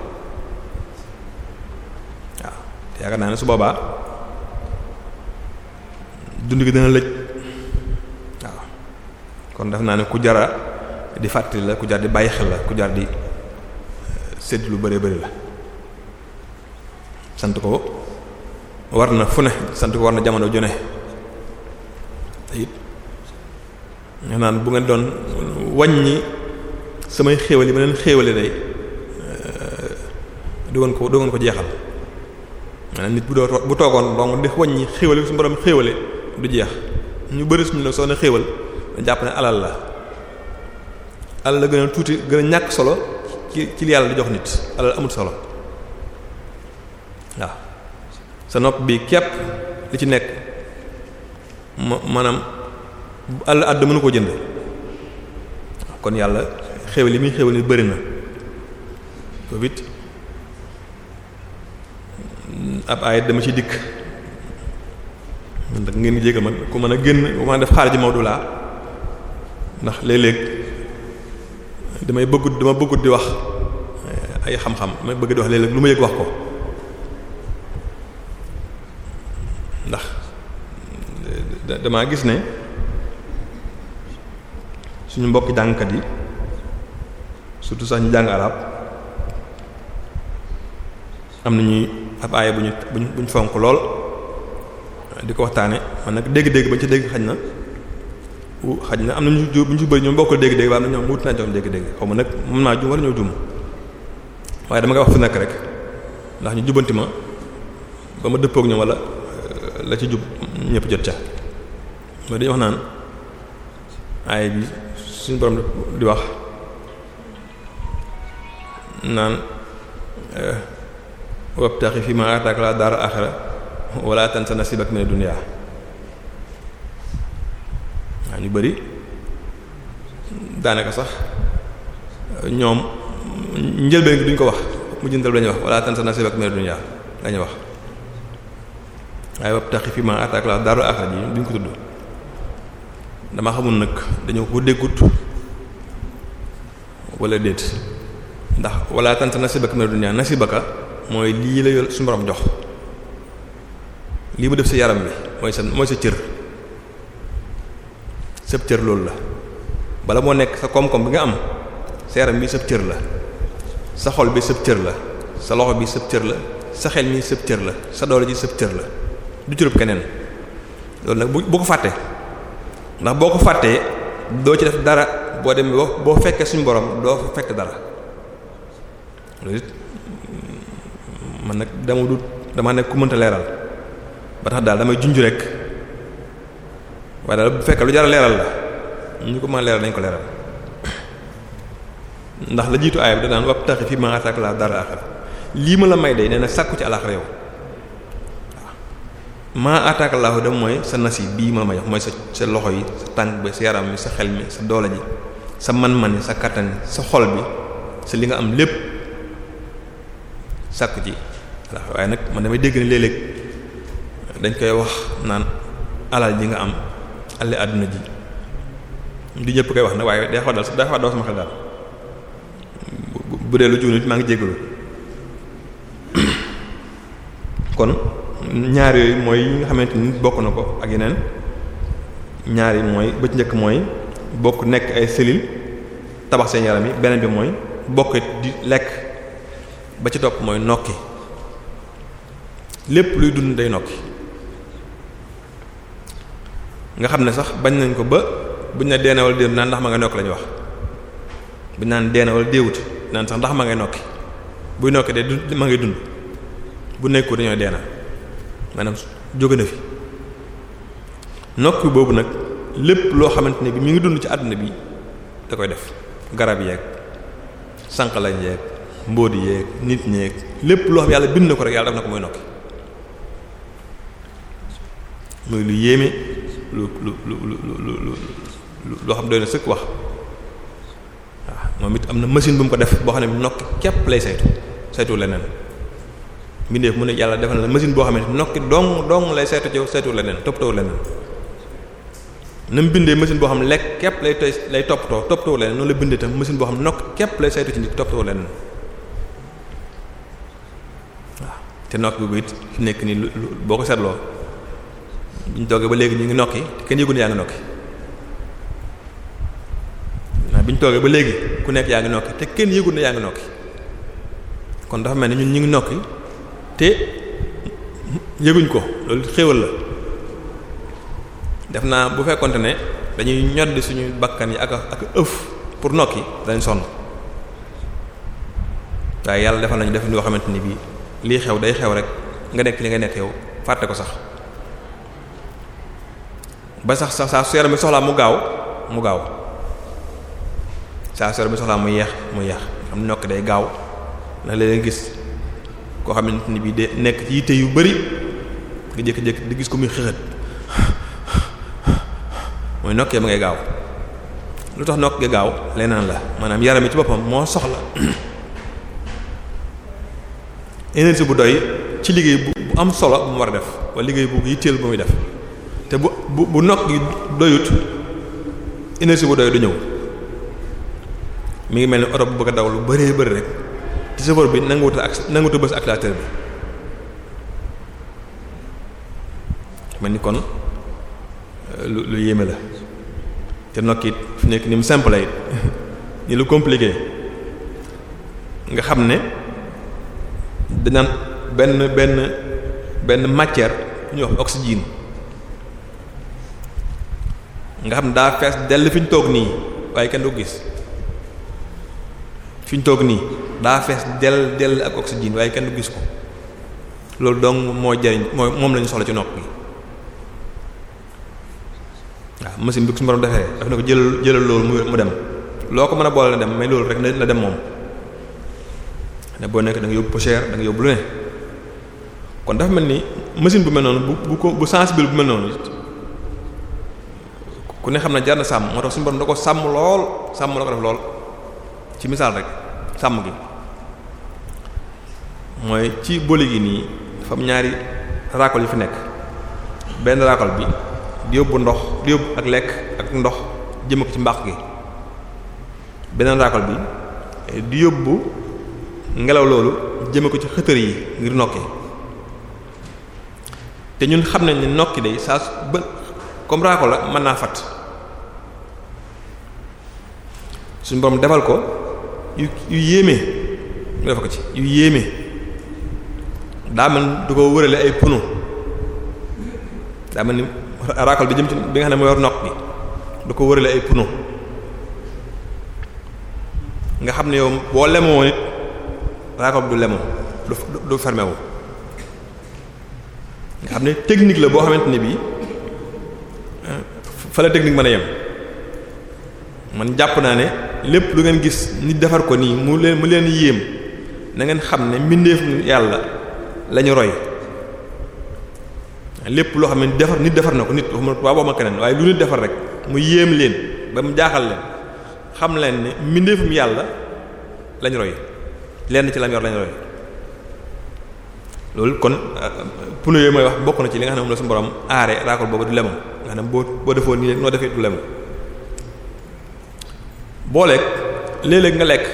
[SPEAKER 3] waaw te yaakaar naa ne su boobaa dund gi dana lëj waaw kon def naa ne ku jara di fàttali la ku jar di bàyyi xel la ku jar di eh, sédd lu bëree bëri la sant ko war na fu ne sant ko war na jamono ju te it nga naan bu ngeen doon wàññi samay xéewal yi ma leen xéewale day eh, du ngeen ko du ko jeexal maanaam nit bu doo bu toogoon donc di wàññi xéewale su borom xéewale du jeex ñu bëri suñu la soxna xéewal da jàpp ne alal la alal la gën a tuuti gën a ñàkk solo ci ci li yàlla di jox nit alal amul solo waaw sa nopp bi képp li ci nekk maanaam àll àdd mënu koo jënd kon yàlla xéwal li muy xéwal yi bëri na boobu ab ayit dama ci dikk man ngeen jégal man ku mën a génn ku mën a def xaar ji Maodo laa ndax léeg-léeg damay bëggut dama bëggut di wax eh, ay xam-xam may bëgg di wax léeg lu ma yëg wax ko. damaa gis ne suñu mbokki jàngkat yi surtout sax ñu jàng arab am nañuy ab aaya bu ñu bu ñu fonk lool di ko waxtaane man nag dégg-dégg ba ci dégg xaj na xaj na am na ñu bu ñu bëri ñoom bokkul dégg-dégg ba na ñoom wut naa jox dégg-dégg xaw ma nag mën naa jum wala ñoo jum waaye dama koy wax fu nekk rek ndax ñu jubanti ma ba ma dëppook ñoom wala la ci jub ñëpp jot ca mooy dañu wax naan ay suñu borom di wax naan eh, wabtaxi fii ma ataaka la daara axira wala tansa nasibak min dunya waaw ñu bari daanaka sax ñoom njëlbeen gi duñ ko wax mujjantal lañu wax wala tansa nasibak min dunya lañu wax waaye wabtaxi fi ma ataaka la daara axira ji duñ ko tudd dama xamul nag dañoo ko déggut wala déet ndax wala tant nasibaka mina dunya nasibaka mooy lii la su suñu borom jox lii mu def sa yaram bi mooy sa mooy sa cër sab loolu la bala moo nekk sa koom bi nga am sa bi sab cër la sa xol bi sab la sa loxo bi sab cër la sa xel mi sab cër la sa doole ji sab cër la du cërub keneen loolu nag bu bu ko fàtte ndax boo ko fàttee doo ci def dara boo dem boo fekkee suñu borom doo fa fekk dara mm, man nag dama du dama nekk ku mënta leeral ba tax daal damay junj rek waaye daal bu fekkee lu jar leeral la ñu ko mën a leeral nañ ko leeral ndax la jiitu aayam da daan wabtaxi fii ma ataaka laa dara axir lii ma la may de nee na sàkku ci alaxira yow maa ataaka laahu dem mooy sa nas yi bii ma la ma jox mooy sa sa loxo yi sa tànk bi sa yaram bi sa xel mi sa doole ji sa man-man yi sa kattan sa xol bi sa li nga am lépp sàkku ji waaye nag man damay dégg ne léeg-léeg dañ koy wax naan alal ji nga am ale àdduna ji du ñëpp koy wax nag waaye day xaw dal day xaw dal sama xel daal bu dee lu juw nit maa ngi jéggalu <coughs> kon ñaar yooyu mooy yi nga xamante ni bokk na ko ak yeneen ñaari yi mooy ba ci njëkk mooy bokk nekk ay cellules tabax seen yaram yi beneen bi mooy bokk di lekk ba ci topp mooy nokki lépp luy dund day nokki nga xam ne sax bañ nañ ko ba buñ na deena wala déewut naan ndax ma ngay nokki lañu wax buñ naan deena wala déewut naan sax ndax ma ngay nokki buy nokki de ma ngay dund bu nekkul dañoo deena maanaam jóge na fi nokk boobu nag lépp loo xamante ne bi mi ngi dund ci àdduna bi da koy def garab yeeg sànqalañ yeeg mbóodi yeeg nit ñeeg lépp loo xam yàlla bind na ko rek yàlla def na ko mooy nokki muy lu yéeme lu lu lu lu lu lu loo xam doy na sëkk wax waaw moom it am na machine bu mu ko def boo xam ne nokki képp lay saytu saytu leneen. mbindeef mu ne yàlla defal na machine boo xam ne nokki dong dong lay seetu ci seetu leneen toppatoo leneen na mu bindee machine boo xam lekk képp lay tey lay toppatoo toppatoo leneen noonu la bindee tam machine boo xam nokk képp lay seetu ci nit toppatoo leneen waaw te nokk bi it fi nekk nii lu boo ko seetloo bu ñu toogee ba léegi ñu ngi nokki te kenn yëgu ne yaa ngi nokki bi ñu toogee ba léegi ku nekk yaa ngi te kenn yëgu ne yaa ngi kon dafa mel ne ñun ñu ngi nokki. te yëguñ ko loolu xéewal la def naa bu fekkonte ne dañuy ñoddi suñu bakkan yi ak ak ëf pour nokki dañ sonn waaye yàlla defal nañu def yoo xamante ni bii lii xew day xew rek nga nekk li nga nekk yow fàtte ko sax ba sax sax saa su bi soxlaa mu gaaw mu gaaw saa su bi soxlaa mu yeex mu yeex xam nokki day gaaw ndax léeg-léeg gis koo xamante ni bii de nekk ci yitte yu bari nga jékki-jékki di gis ko muy xëxët mooy nokkee ma ngay gaaw lu tax nokk gi gaaw leneen la maanaam yaram yi ci boppam moo soxla énergie bu doy ci liggéey bu am solo bu mu war a def wala liggéey bu yitteel bu muy def te bu bu bu nokk gi doyut énergie bu doy du ñëw mi ngi mel ne oto bu bëgg a daw lu bëree bëri rek. te chauffeur bi nanguwut ak nanguwut a bës accélérateur bi mel ni kon euh, lu lu yéeme la te nokk fi nekk ni mu simple it <laughs> ni lu compliqué nga xam ne dinaan benn benn benn matière ñuy wax oxygène nga xam daa fees dell fi ñu toog nii waaye kenn du gis fi ñu toog nii daa fees dell dell ak oxygène waaye kenn gis ko loolu dong moo jariñ moo moom lañu soxla ci nopp bi waaw machine bi su borom defee daf ne ko jëlal loolu mu dem loo ko mën a boole na dem mais loolu rek na dem moom ne boo nekk da nga yóbbu poussière da yóbbu lu ne kon dafa mel ni machine bu mel noonu bu bu ko bu sensible bu mel noonu ku ne xam na jar na sàmm moo tax suñu da ko sàmm lool sàmm la ko def lool ci misaal rek sàmm gi mooy ci bële gi nii dafa ñaari raakol yi fi nekk benn raakol bi di yóbbu ndox di yóbbu ak lekk ak ndox jëme ko ci mbaq gi beneen raakol bi di yóbbu ngelaw loolu jëme ko ci xëtër yi ngir nokki te ñun xam nañ ne nokki day saa su ba comme raakol la mën naa fat suñu borom defal ko yu yéeme ñu def ko ci yu yéeme daa du ko wërale ay pono daa mel ni raakol bi jëm bi nga xam ne mooy war bi du ko wërale ay pono nga xam ne yow boo lemoo nit raakol bi du lemoo du du fermé nga xam ne technique la boo xamante ne bii ah, fa la technique mën a yem man jàpp naa ne lépp lu ngeen gis nit defar ko nii mu leen mu leen yéem na ngeen xam ne mbindeef yàlla lañu roy lépp loo xam ne defar nit defar na ko nit waxuma waa boo waaye lu defar rek mu yéem leen ba mu jaaxal leen xam leen ne mbindeefum yàlla lañu lenn ci lam yor lañu roy loolu kon euh, pneu yooyu may wax bokk na ci li nga xam ne moom la suñu borom aare raakol boobu du lemu nga xam ne boo boo defoo nii rek noo defee du lemu booleeg léeg-léeg nga lekk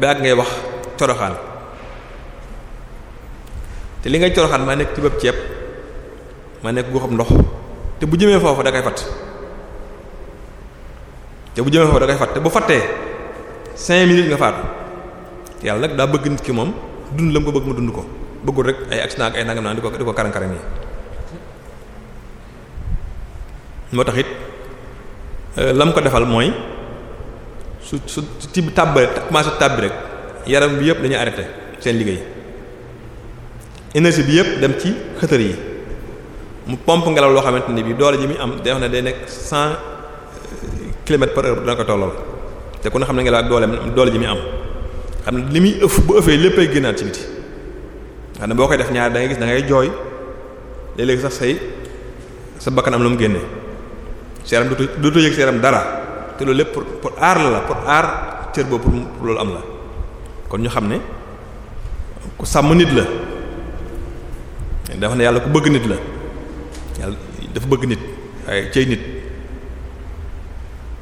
[SPEAKER 3] ba ak ngay wax coroxaan te li ngay coroxaan maa nekk ci bépp ceeb maa nekk gu xam ndox te bu jëmee foofu da koy fat bu jëmee foofu da koy bu fattee cinq minutes nga faatu yàlla nag daa bëgg nit ki moom dund la mu ko bëgg mu dund ko bëggul rek ay accident ak ay nangam naan di ko di ko karan karan yi moo taxit it euh, lam ko defal mooy su su su tib tàbb commencé tàbbi rek yaram bi yëpp dañuy arrêté seen liggéey énergie bi yëpp dem ci xëtër yi mu pompe ngelaw loo xamante ni bi doole ji muy am day wax ne day nekk cent kilomètres par heure dana ko tollool te ku ne xam ne ngelaw ak doole doole ji muy am xam ne li muy ëff bu ëffee léppay génnaat ci biti xam ne boo koy def ñaar da gis da ngay jooy léeg-léeg sax say sa bakkan am lu mu génnee seeram du dootoo yëg seeram dara te loolu lépp pour pour aar la la pour aar cër boobu pour loolu am la kon ñu xam ne ku sàmm nit la dafa ne yàlla ku bëgg nit la yàlla dafa bëgg nit waaye cey nit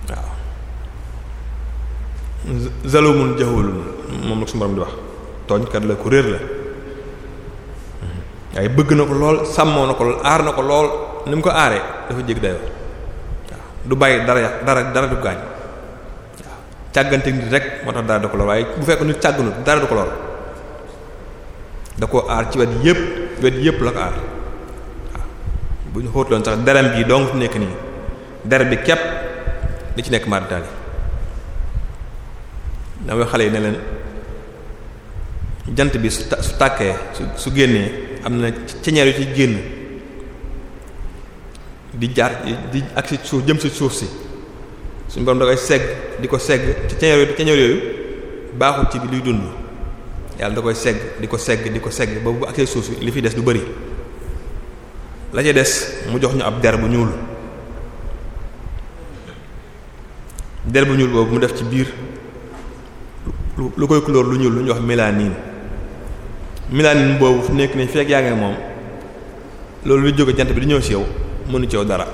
[SPEAKER 3] waaw zalumun jahulun moom nag su borom di wax tooñkat la ku réer la waaye bëgg na ko lool sàmmoo na ko lool aar na ko lool ni mu ko aaree dafa jég dayoo du bàyyi dara yàq dara dara du gaañ waaw càggante nit rek moo tax dara du ko lor waaye bu fekk nu càggnu dara du ko lor da koo aar ci wet yépp wet yépp la ko aar waaw bu ñu xóotloon sax deram bii dong fi nekk nii der bi képp li ci nekk maar daal dama xale yi ne leen jant bi su su tàkkee su su génnee am na ceñeer yu ci génn di jaar di ak si suuf jëm si suuf si suñu borom da koy segg di ko segg ci ceñeer yooyu baaxul ci bi luy dund yàlla da koy segg di ko segg di ko segg ba bu ak si suuf si li fi des du bëri la ca des mu jox ñu ab der bu ñuul der bu ñuul boobu mu def ci biir lu koy couleur lu ñuul lu ñu wax mélanine mélanine boobu fu nekk nii fekk yaa ngi moom loolu lu jóge jant bi di ñëw si yow mënu coow dara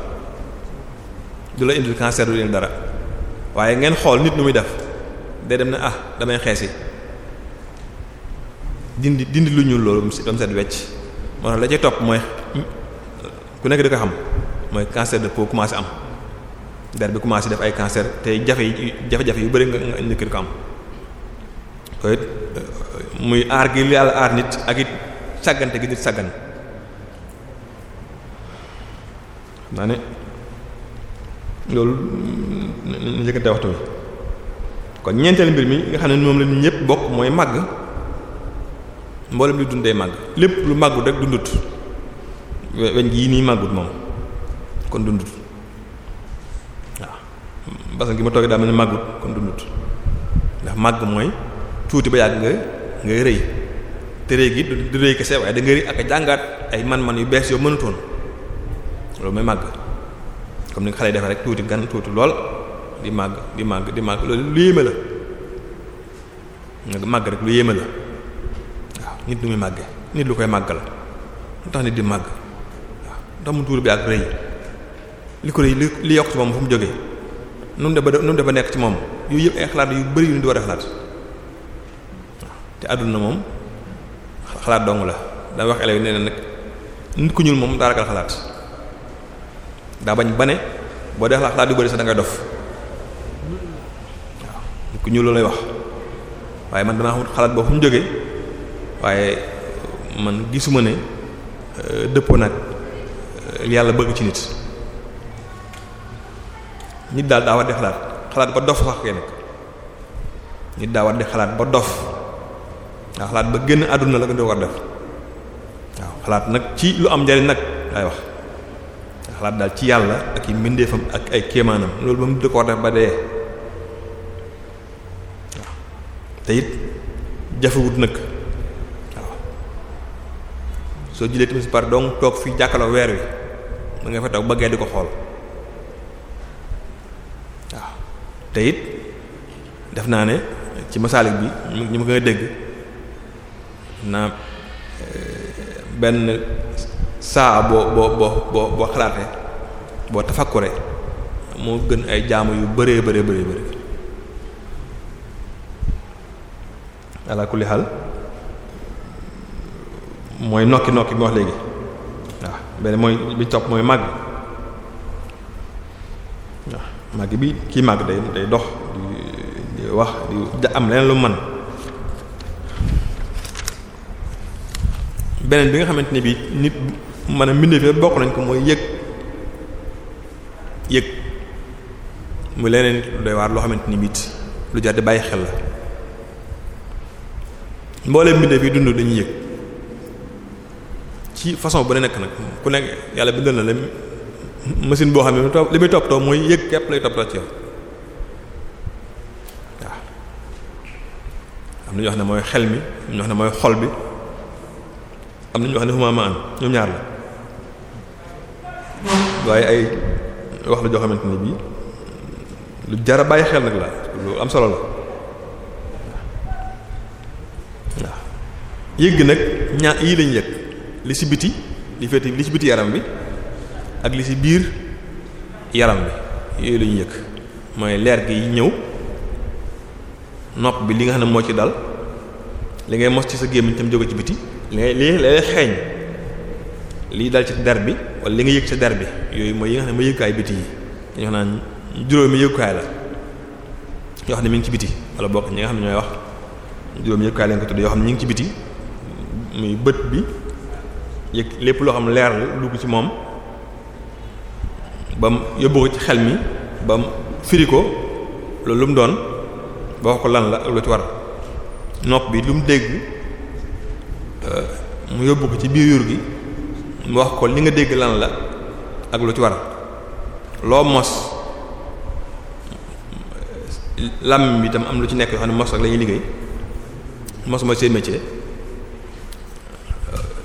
[SPEAKER 3] du la indil cancer du leen dara waaye ngeen xool nit nu muy def day dem na ah damay xeesi dindi dindi lu ñuul loolu ba mu set wecc moo la cay topp mooy hmm, ku nekk di ko xam mooy cancer de peau commencé am der bi commencé def ay cancer tey jafe yi jafe-jafe yu bari nga nga njëkk di ko am euh, muy aar gi yàlla aar nit ak it sàggante gi di sàggan naa ne loolu ñu njëkkante waxtu bi kon ñeenteel mbir mi nga xam ne moom la ñu ñëpp bokk mooy màgg mboolem lu dundee màgg lépp lu màggut rek dundut weñ gi nii màggut moom kon dundut waaw basan gi ma toogee daa mel ni màggut kon dundut ndax màgg mooy tuuti ba yàgg nga ngay rëy te rëy gi du rëy kese waaye da rëy ak a jàngaat ay man-man yu bees yoo mënutoon loolu mooy màgg comme ni nga xale yi defee rek tuuti gan tuuti lool di màgg di màgg di màgg loolu lu yéeme la nga màgg rek lu yéeme la waaw nit lu muy màggee nit lu koy màggal lu tax nit di màgg waaw tax mu tuur bi ak rëy li ko rëy li li yokk ci moom fu mu jógee nu mu de ba nekk ci moom yooyu yëpp ay xalaat yu bari yu nit war a xalaat te àdduna moom xalaat dong la daa wax élèves yi nee na nag nit ku ñuul moom daa ragal xalaat daa bañ ba ne boo dee xalaat yu bëri sax da dof waaw ku ñu loolu lay wax waaye man damaa xamul xalaat boo fu mu waaye man gisuma ne euh, dëppoo nag euh, yàlla bëgg ci nit nit daal daa war di xalaat xalaat ba dof sax kay nit daa war di xalaat ba dof waaw xalaat ba génn àdduna la ko doo war def waaw xalaat nag ci lu am njariñ nag laay wax xalaat daal ci yàlla ak i mbindeefam ak ay kéemaanam loolu ba mu di ko def ba dee waaw te it jafewut nag waaw soo jëlee tamit par donc toog fii jàkkaloo weer wi mu nga fa bëggee di ko xool waaw te def naa ne ci masaalik bi ñu ma koy dégg naa eh, benn saa boo boo boo boo xalaatee boo tafakkure moo gën ay jaamu yu bëree bëree bëree bëri ala xal mooy nokki nokki bi wax léegi waaw beneen mooy bi topp mooy màgg waaw màgg bi kii màgg day day dox di wax di am leneen lu mën beneen bi nga xamante ne bii nit ma ne mbindeef yëpp bokk nañ ko mooy yëg yëg mu leneen nit lu doy waar loo xamante ni biit lu jar di bàyyi xel la mbooleem mbindeef yi dund dañuy yëg ci façon bu nekk nag ku nekk yàlla bindal na la machine boo xam ne li muy toppatoo mooy yëg képp lay toppatoo ci yow waaw am na ñoo xam ne mooy xel mi am ñoo xam ne mooy xol bi am na ñoo xam ne xumaama an ñoom ñaar la waaye ay wax la joo xamante ni bii lu jar a bàyyi xel nag la lu am solo la waaw yëgg nag ñaa yii lañ yëg li ci biti li féete li ci biti yaram bi ak li ci biir yaram bi yooyu lañu yëg mooy leer gi ñëw nopp bi li nga xam ne moo ci dal li ngay mos ci sa gémmiñ tam jóge ci biti li ngay li lay xeeñ lii dal ci der bi wala li nga yëg ci der bi yooyu mooy yi nga xam ne mooy yëgukaay biti yi dañoo xam ne juróomi xam ne mi ngi ci biti wala bokk ñi nga xam ne ñooy wax juróomi yëgukaay lañ ko tudd yoo xam ne ñu ngi ci biti muy bët bi yëg lépp loo xam leer la dugg ci moom ba mu yóbbu ko ci xel mi ba mu firi loolu lu mu doon ba wax ko lan la ak lu ci war nopp bi lu mu dégg euh, mu yóbbu ko ci biir yuur gi mu wax ko li nga dégg lan la ak lu ci war loo mos làmm bi tam am lu ci nekk yoo xam ne mos rek la liggéey mos mooy seen métier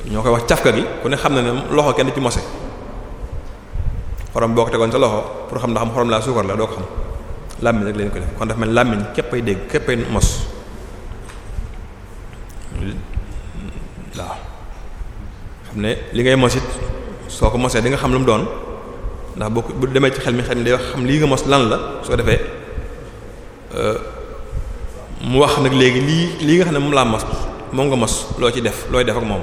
[SPEAKER 3] ñoo koy wax cafka gi ku ne xam na ne loxo kenn ci mose xorom boo ko tegoon sa loxo pour xam ndax am xorom laa suukar la doo ko xam làmmiñ rek leen ko def kon dafa mel làmmiñ képp ay dégg képp ay mos ne li ngay mos it soo ko mosee di nga xam lu mu doon ndax boo bu demee ci xel mi xel mi day wax xam lii nga mos lan la soo defee euh, mu wax nag léegi lii lii nga xam ne moom laa mos moom nga mos loo ci def looy def ak moom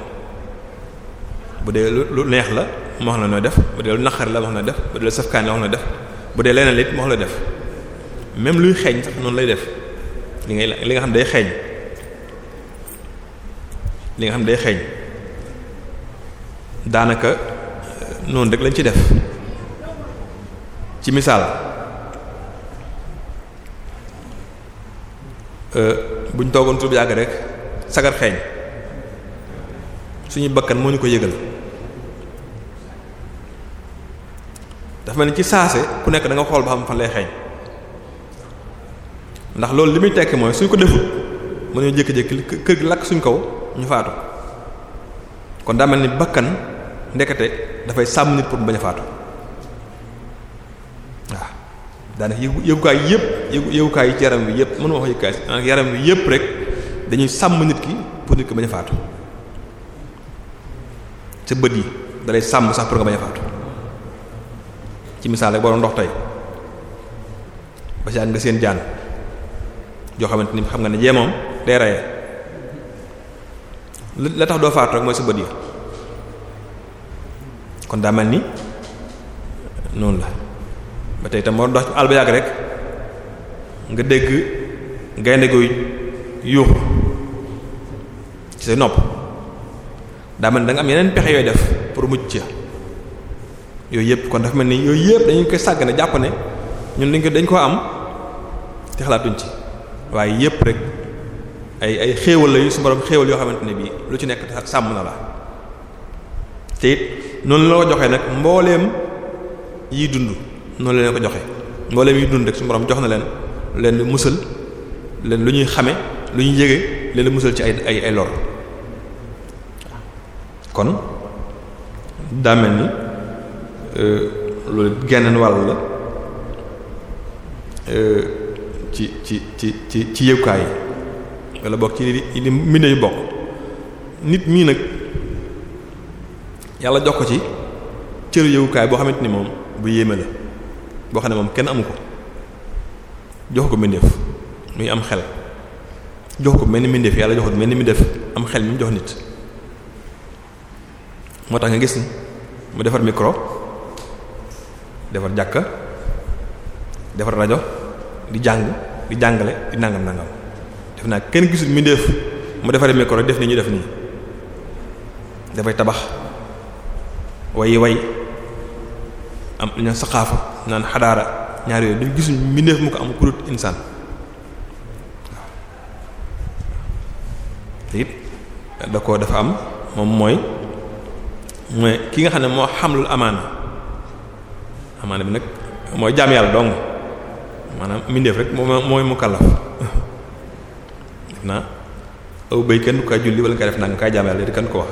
[SPEAKER 3] bu dee lu lu neex la mu wax na nooy def bu dee lu naqari la wax na def bu dee lu safkaan la wax na def bu dee leneen it mu wax la def même luy xeeñ sax noonu lay def li ngay li nga xam day xeeñ li nga xam day xeeñ daanaka euh, noonu rek lañ ci def ci misaal euh, buñ toogoon tur bi yàgg rek sagar xeeñ suñu bakkan moo ñu ko yëgal dafa mel ni ci saase ku nekk danga xool ba xam fan lay xeeñ ndax loolu li muy tekki mooy suñ ko defut mën ñu jékki-jékki kër gi lakk suñ kaw ñu faatu kon daa mel ni bakkan ndekete dafay sàmm nit pour mu bañ a faatu waaw daanaka yëgu yëgukaay yëpp yëgu yëgukaay yi ci yaram wi yëpp mënuma wax yëgukaay si yaram wi yëpp rek dañuy sàmm nit ki pour nit ki bañ a faatu sa bët yi dalay sàmm sax pour nga bañ a faatu ci misaal rek boo doon ndox tey ba nga seen jaan joo xamante ni xam nga ne jee moom day rayee la tax doo faatu rek mooy sa bët yi kon daa ni noonu la ba tey tam moo dox ci àll ba rek nga dégg gaynde guy yuuxu ci say nopp daa mel ni da am yeneen pexe yooy def pour mucc ci yooyu yëpp kon dafa mel ni yooyu yëpp dañu koy sàgg ne jàpp ne ñun dañ dañ koo am te xalaatuñ ci waaye yëpp rek ay ay xéewal la yu su borom xéewal yoo xamante ne bii lu ci nekk sàmm na la te noonu la ko joxee nag mbooleem yi dund noonu la leen ko joxe mbooleem yi dund rek suñu borom jox na leen leen musal leen lu ñuy xame lu ñuy yége leen musal ci ay ay ay kon daa mel ni euh, loolu geneen wàll la euh, ci ci ci ci ci yëwkaay yi wala bokk ci li li mbindee yu bokk nit mii nag yàlla jox ko ci cëru yëgukaay boo xamante ni moom bu yéeme la boo xam ne moom kenn amu ko jox ko mbindeef muy am xel jox ko mel ni mbindeef yàlla jox ko mel ni mbindeef am xel mi jox nit moo tax nga gis mu defar micro defar jàkka defar rajo di jàng di jàngale di nangam nangam kenn gisul mbindeef mu defaree micro def ni ñu def nii dafay tabax wayi way am lu ñu saqaafa naan xadaara ñaar yooyu duñ gisuñ mbindeef mu ko am kulut insaan waaw da ko dafa am moom mooy mooy ki nga xam ne moo xamlul amaana amaana bi nag mooy jaam yàlla dong maanaam mbindeef rek moo mooy mu kallaf def naa aw béy kenn du ko julli wala nga def nag nga kaa jaam yàlla di kenn ko wax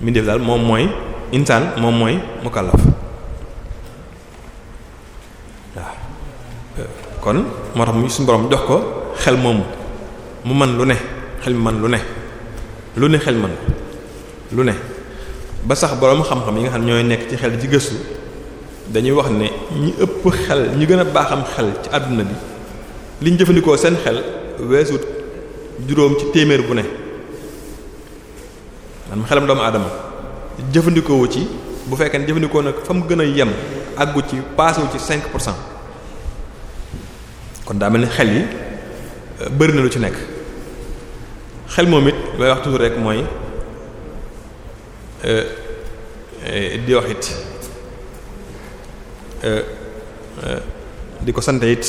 [SPEAKER 3] mbindeef daal moom mooy insaan moom mooy mukallaf waaw kon moo tax mu suñu borom jox ko xel moomu mu man lu ne xel mi man lu ne lu ne xel mën lu ne ba sax boroom xam-xam yi nga xam ñooy nekk ci xel ci gëstu dañuy wax ne ñi ëpp xel ñi gën a baaxam xel ci àdduna bi liñ jëfandikoo seen xel weesut juróom ci téeméer bu ne man xelam doomu aadama jëfandikoo ci bu fekkee ne jëfandikoo nag fa mu gën a yem àggu ci passé wu ci 5 pour cent kon daa mel ni xel yi euh, bëri lu ci nekk xel moom it looy wax toujours rek mooy euh, euh, di wax it di ko sant it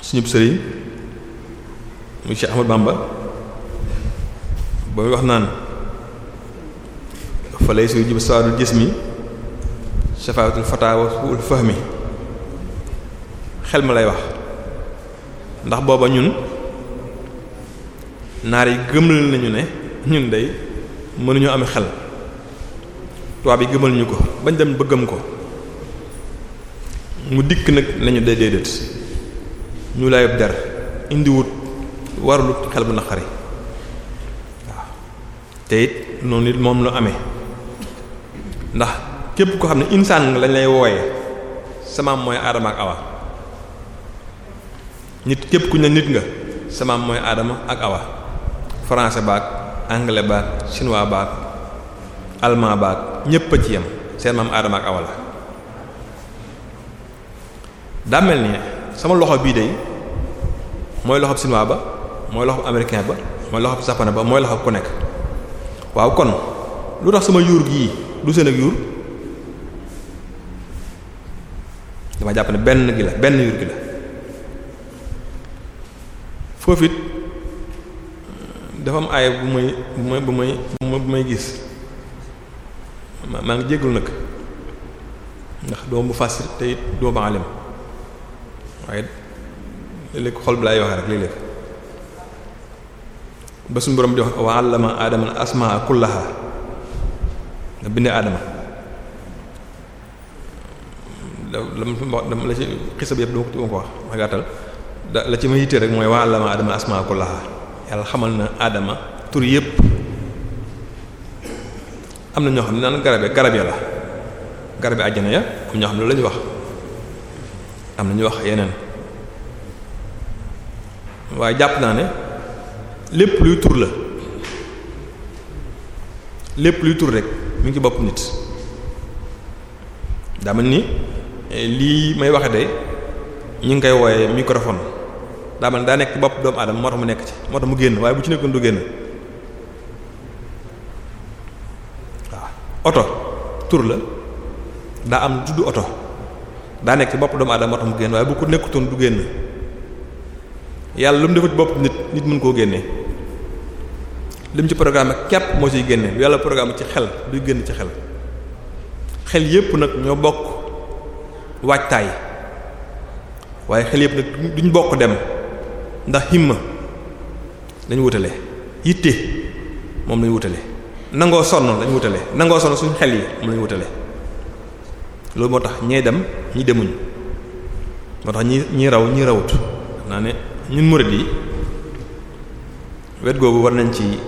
[SPEAKER 3] suñu sëriñ mu Cheikh Ahmad Bamba ba muy wax naan. fa lay suy jib saadul jismi shafaatul fataawa ul fahmi xel ma lay wax ndax booba ñun naar yi gëmal nañu ne ñun day mënuñu am xel tubaab yi gëmal ñu ko bañ dem bëggam ko mu dikk nag nañu day déedéet ñu layub der indiwut waralut xel bu naqari waaw te noonu it moom lu amee ndax képp ko xam ne insaan lañ lay wooyee samaam mooy aadama ak awa nit képp ku ne nit nga samaam mooy aadama ak awa français baak anglais baak chinois baak allemand baak ñépp a ci yem seen maam aadama ak awa la daa mel ni sama loxo bii de mooy loxo chinois ba mooy loxo américain ba mooy loxo japonais ba mooy loxo ku nekk waaw kon lu tax sama yuur gii du seen ak yuur dama jàpp ne benn gi la benn yuur gi la foofu it dafa am aaya bu may bu may bu may bu may gis maa maa ngi jéggul nag ndax doo bu fas te it doo ba alim waaye léeg xol bi laay waxee rek léeg-léeg ba suñu borom di wax wa allama aadama asmaa kullaha bindee aadama lam la ci xisa bi yëpp duma ko duma ko wax ma gàttal da la ci ma yittee rek mooy wa allama aadama asmaa kullaha yàlla xamal na aadama tur yëpp am na ñoo xam ne naan garabe garab ya la garabe àjjana ya am ñoo xam ne lañu wax am na ñu wax yeneen waaye jàpp naa ne lépp luy tur la lépp luy tur rek mi ngi ci bopp nit daa ni eh, lii may waxe de ñu ngi koy wooye microphone daa ni daa nekk bopp doomu aadama moo tax mu nekk ci moo tax mu génn waaye bu ci nekkoon du génn waaw tur la daa am tudd oto daa bopp doomu aadama mu génn waaye bu du génn yàlla lu mu defat bopp nit nit mën koo génnee lim ci programme képp moo ciy génne lu yàlla programme ci xel duy génn ci xel xel yépp nag ñoo bokk waajtaay waaye xel yépp nag duñ bokk dem ndax himma dañu wutale yitte moom lañu wutale nangoo sonn lañu wutale nangoo sonn suñ xel yi moom lañu wutale loolu moo tax ñee dem ñi demuñ moo tax ñi ñi raw ñi rawut naa ne ñun murid yi wet googu war nañ ci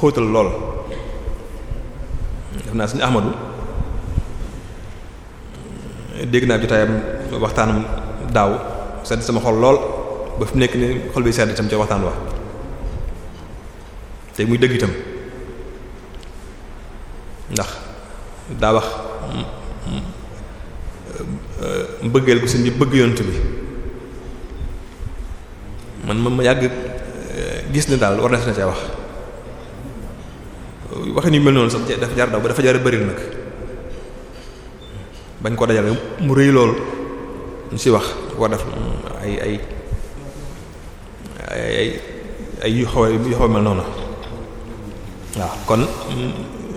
[SPEAKER 3] xóotal lool def naa suñu Ahmadu dégg naa jotaayam waxtaanam daaw sedd sama xol lool ba fi nekk ni xol bi sedd itam ca waxtaan wax te muy dëgg itam ndax daa wax mbëggeel gu sëñ bi bëgg yonent bi man ma ma yàgg gis ne daal war na si na cee wax waxin yu mel noonu sax dafa jar daw ba dafa jar a nag bañ ko dajale mu rëy lool ñu si wax war def ay ay ay ay yu xaw yu mel noonu waaw kon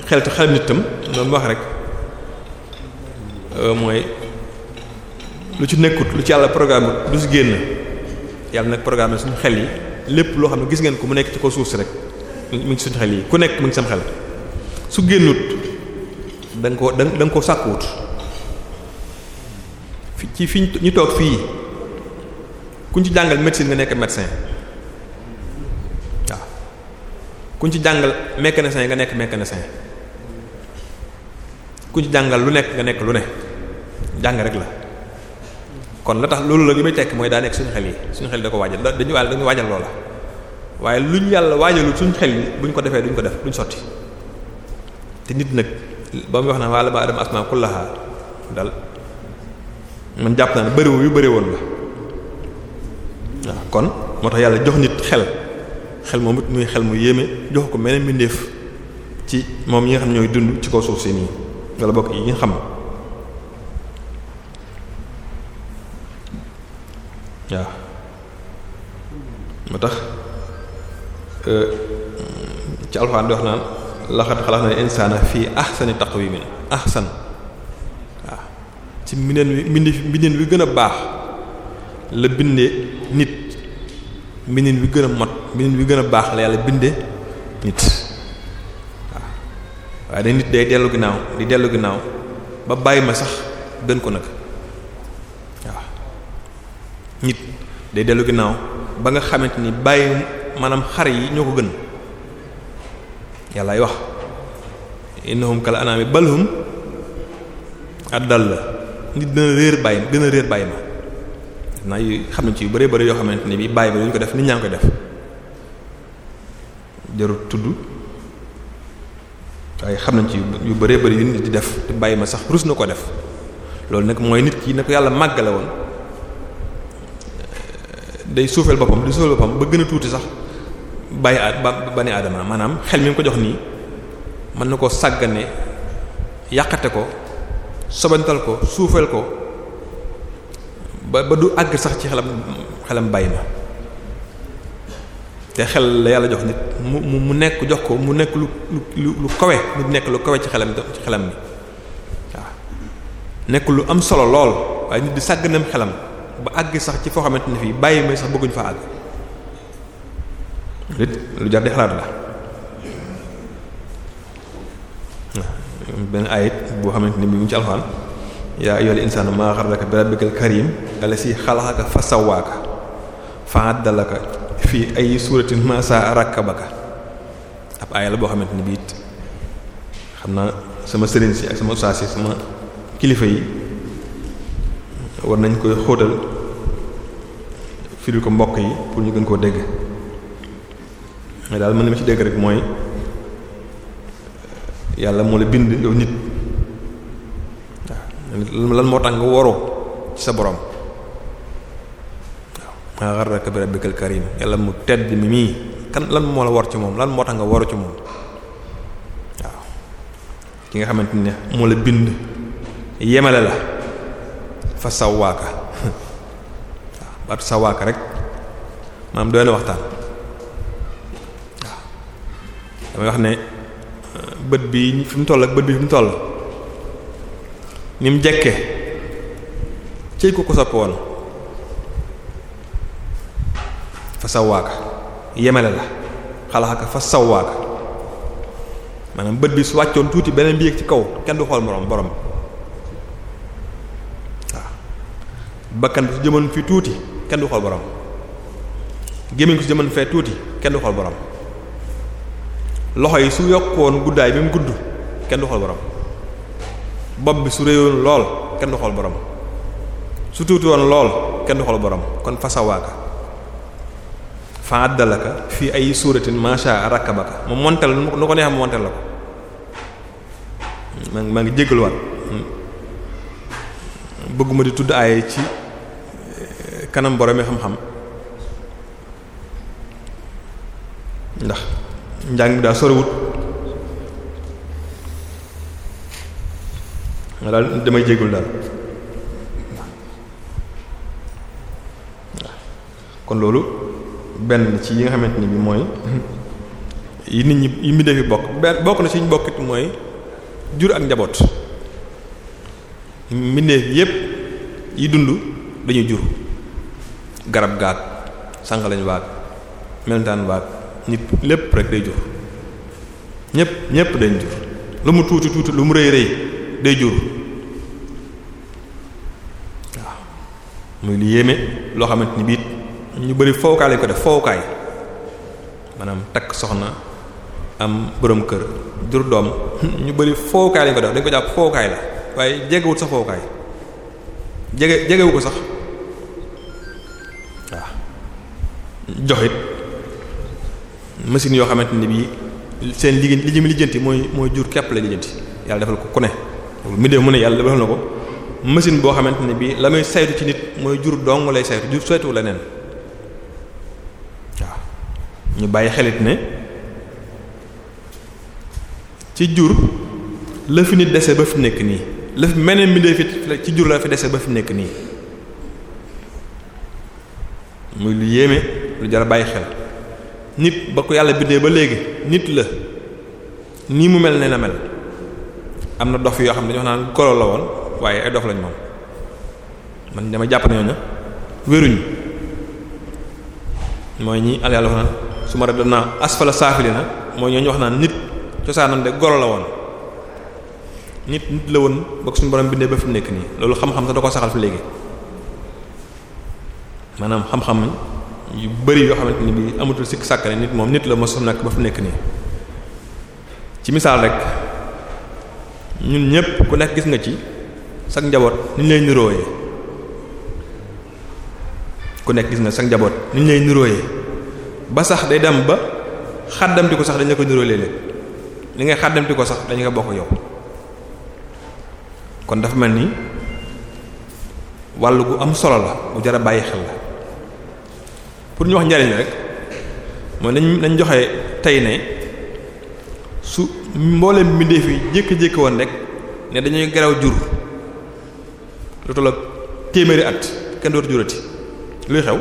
[SPEAKER 3] xel te xel nit tam loolu wax rek euh, mooy lu ci nekkut lu ci yàlla programme lu ci génn yàlla nag programme suñu xel yi lépp loo xam ne gis ngeen ko mu nekk ci ko suuf si rek mi ngi suñu xel yi ku nekk mi ngi sam xel su génnut da nga koo da nga koo sàkkuwut fi ci fi ñu toog fii kuñ ci jàngal médecine nga nekk médecin waaw kuñ ci jàngal mécanicien nga nekk mécanicien kuñ ci jàngal lu nekk nga nekk lu ne jàng rek la kon la tax loolu la li may tekk mooy daa nekk suñu xel yi suñu xel da ko waajal dañu dañu waajal loola. waaye luñ yàlla waajalul suñ xel yi buñ ko defee duñ ko def duñ sotti te nit nag ba mu wax na wala ba dem asmaa kullaha dal man jàpp naa ne bëriwu yu bëri woon la waaw kon moo tax yàlla jox nit xel xel moom it muy xel mu yéeme jox ko meneen mbindeef ci moom yi nga xam ñooy dund ci kaw suuf si nii wala bokk yi nga xam waaw moo tax Euh, ci alxuraan di wax naan laxat xalaqnal insaana fii ahsani taqwiimin ahsan waaw ci mbineen wi mbineen wi gën a baax la bindee nit mbineen wi gën a mat mbineen wi gën a baax la yàlla bindee nit waaw waaye da nit day dellu ginnaaw di dellu ginnaaw ba bàyyi ma sax gën ko nag waaw nit day dellu ginnaaw ba nga xamante ni bàyyi maanaam xare yi ñoo ko gën yàllaay wax innahum kal anaami balhum addal la nit dina réer bàyyi gën a réer bàyyi ma naa yu xam ne ci yu bëree bëri yoo xamante ni bi bàyyi ba duñ ko def nit ñaa ngi def jarut tudd waaye xam nañ ci yu bëree bëri yu nit di def te bàyyi ma sax rus na ko def loolu nag mooy nit ki ne ko yàlla màggale woon eh, day suufeel boppam di suufeel boppam ba gën a tuuti sax bàyyi ba bani aadama maanaam xel mi ngi ko jox nii mën na koo sàggane yàqate ko sobantal ko suufeel ko ba ba du àgg sax ci xelam xelam bàyyi ma te xel la yàlla jox nit mu mu nekk jox ko mu nekk lu lu lu kawe mu nekk lu kawe ci xelam ci xelam bi waaw nekk lu am solo lool waaye nit di sàgganeem xelam ba àgg sax ci foo xamante ni fii bàyyi may sax bëgguñu fa àgg lit lu jar di xalaat la benn ayit boo xamante ni bi mu ci alxuraan yaa ayyuhal insaanu maa gharraka bi rabbikal karim allasi xalaqaka fa sawwaaka fa addalaka fii ay suuratin ma saa rakkabaka ab aaya la boo xamante ni biit xam naa sama sëriñ si ak sama ustaas si sama kilifa yi war nañ koy xóotal firil ko mbokk yi pour ñu gën koo dégg mais daal mën na mu ci dégg rek mooy yàlla moo la bind yow nit lan moo tax nga waroo ci sa boroom waaw maa gharraka bi rabbikal karim yàlla mu tedd mii kan lan moo la war ci moom lan moo tax nga waru ci moom waaw ki nga xamante ne moo la bind yemale la fa sawaaka <laughs> waaw baatu sawaaka rek maam doy na waxtaan damay wax ne euh, bët bi fi mu toll ak bët bi fi mu toll ni mu jekke cëy ko ko sopp woon fa sawwaaka yemele la xalaxaka fa sawwaaka maanaam bët bi su wàccoon tuuti beneen bi yëg ci kaw kenn du xool moroom borom waaw bakkan bi su jëmoon fi tuuti kenn du xool borom gémmiñ ko su jëmoon fee tuuti kenn du xool borom loxo yi su yokkoon guddaay bi mu gudd kenn du xool borom bopp bi su réyoon lool kenn du xool borom su tuuti woon lool kenn du xool borom kon fasawaaka fa addalaka fii ay suuratin masha rakkabaka mu montel nu ko neex mu la ko ma ngi maa ngi jéggaluwaat bëgguma di tudd aaye ci eh, kanam borom yi xam-xam ndax njàng mi daa soriwut nga daal damay jéggul daal kon loolu benn ci yi nga xamante ni bi mooy yi nit ñi yi mu yi bokk benn bokk na ci ñu bokkit mooy jur ak njaboot mbindeef yépp yi dund dañuy jur garab gaag sànqalañ waag melentaan waag nit lépp rek day jur ñépp ñépp dañ jur lu mu tuuti tuuti lu mu rëy rëy day jur waaw muy lu yéeme loo xamant ni biit ñu bari fowukaay lañ ko def fowukaay maanaam takk soxna am boroom kër jur doom ñu bari fowukaay lañ ko def dañ ko jàpp fowukaay la waaye jegewut sa fowukaay jege jegewu ko sax waaw joxit machine yoo xamante ne bii seen liggéey li jëm lijjanti mooy mooy jur képp la lijjanti yàlla defal ko ku ne mu dee mu ne yàlla defal na ko machine boo xamante ne bii la muy saytu ci nit mooy jur dong lay saytu jur saytuwu leneen waaw ñu bàyyi xelit ne ci jur la fi nit dese ba fi nekk nii la fi meneen mbindeef it ci jur la ba fi nekk nii muy lu yéeme lu jar bàyyi xel nit ba ko yàlla bindee ba léegi nit la nii mu mel ne la mel am na dof yoo xam ne dañoo naan golo la woon waaye ay dof lañ moom man dama jàpp ne ñooñu wéruñu mooy ñi al yàlla wax naan su ma rek naa asfala saafili na mooy ñooñu wax naan nit cosaanoon de golo la woon nit nit la woon ba ko suñu borom bindee ba fi mu nekk nii loolu xam-xam sax da ko saxal fi léegi maanaam xam-xam. yu bëri yoo xamante ni bii amatul sikk sàkkane nit moom nit la mos xam nekk ba fu nekk nii ci misaal rek ñun ñépp ku nekk gis nga ci sag njaboot ni lay nirooyee ku nekk gis nga sag njaboot ñu lay nirooyee ba sax day dem ba xàddamti ko sax dañ la ko niroolee léeg li ngay xàddamti ko sax dañu ko bokk yow kon dafa mel ni wàll gu am solo la bu jar a bàyyi xel la pour ñu wax njariñ rek mooy nañ nañ joxe tey ne su mbooleem mbindeef yi jékki-jékki woon rek ne dañuy garaw jur lu tollook téeméeri at kenn dootu jurati luy xew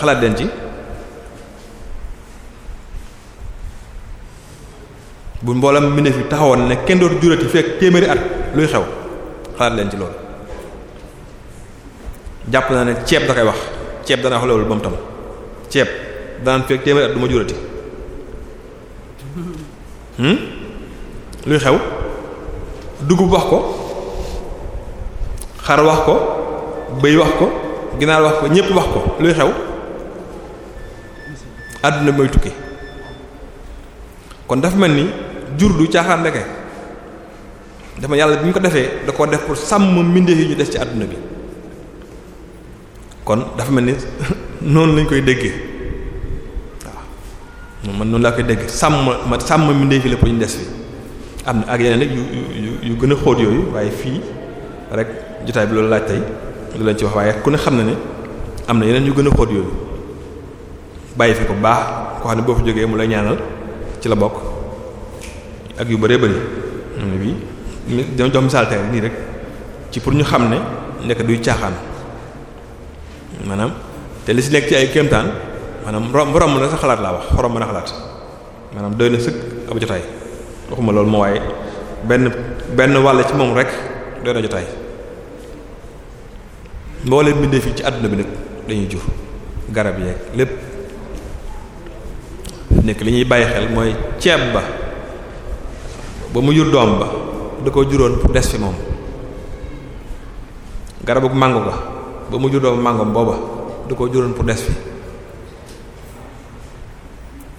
[SPEAKER 3] xalaat den ci bu mbooleem mbindeef yi taxawoon ne kenn dootu jurati fekk téeméeri at luy xew xalaat leen ci loolu jàpp naa ne ceeb da koy wax ceeb danaa wax loolu tam ceeb danaan fekk téeméer at du ma jurati hmm? luy xew dugub wax ko xar wax ko bëy wax ko ginaar wax ko ñépp wax ko luy xew àdduna bi mooy tukki kon dafa mel ni jur du caaxaan ndeke dafa yàlla bi ñu ko defee da ko def pour sàmm mbindeef yi ñu def ci àdduna bi kon dafa mel ni <laughs> noonu lañ koy déggee waaw man noonu laa koy déggee sàmm ma sàmm mi ndéy fi lépp ñu des fi am na ak yeneen rek yu yu gën a xóot yooyu waaye fii rek jotaay bi loolu laaj tey lu lañ ci wax waaye ku ne xam na ne am na yeneen yu gën a xóot yooyu bàyyi fi ko baax koo xam ne boo fa jógee mu lay ñaanal ci la bokk ak yu bëree bëri bi dama jox misaal tey nii rek ci pour ñu xam ne nekk duy caaxaan maanaam te li si nekk ci ay kéemtaan maanaam romb romb na sa xalaat laa wax romb na xalaat maanaam doy na sëkk ab jotaay waxuma loolu moo waaye benn benn wàll ci moom rek doy na jotaay mbooleem bindee fii ci àdduna bi nag dañuy jur garab yeeg lépp nekk li ñuy bàyyi xel mooy ceeb ba ba mu jur doom ba da ko juróon pour des fi moom garabu màngo ga ba mu jur doomu màngoom booba du ko juróon pour des fi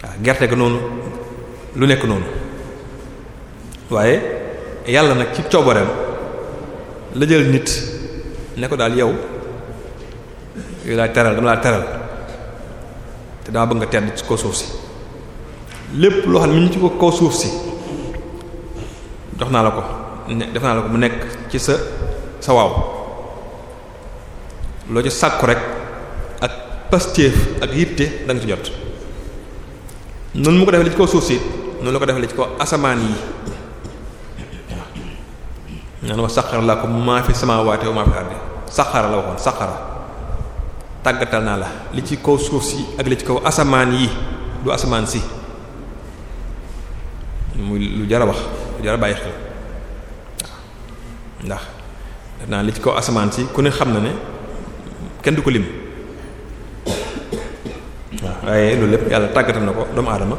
[SPEAKER 3] waaw gerte gi noonu lu nekk noonu waaye yàlla nag ci coobareem la jël nit ne ko daal yow yooyu laa teral dama laa teral te dama bëgg nga tedd ci kaw suuf si lépp loo xam ne mi ñu ci ko kaw suuf si jox naa la ko ne def naa la ko mu nekk ci sa sa waaw loo ci sàkku rek ak pastéef ak yitte da ci jot noonu mu ko defee li ci kaw suuf si noonu la ko defee li ci kaw asamaan yi naan wax saxara laa ko maa fi samaawaati wa maa fi ardi saxara la waxoon saxara tàggatal naa la li ci kaw suuf si ak li ci kaw asamaan yi du asamaan si muy lu jar wax lu jar a bàyyi xel waaw ndax danaa li ci kaw asamaan si ku ne xam na ne kenn du ko lim waaw waaye loolu lépp yàlla tàggatal na ko doomu aadama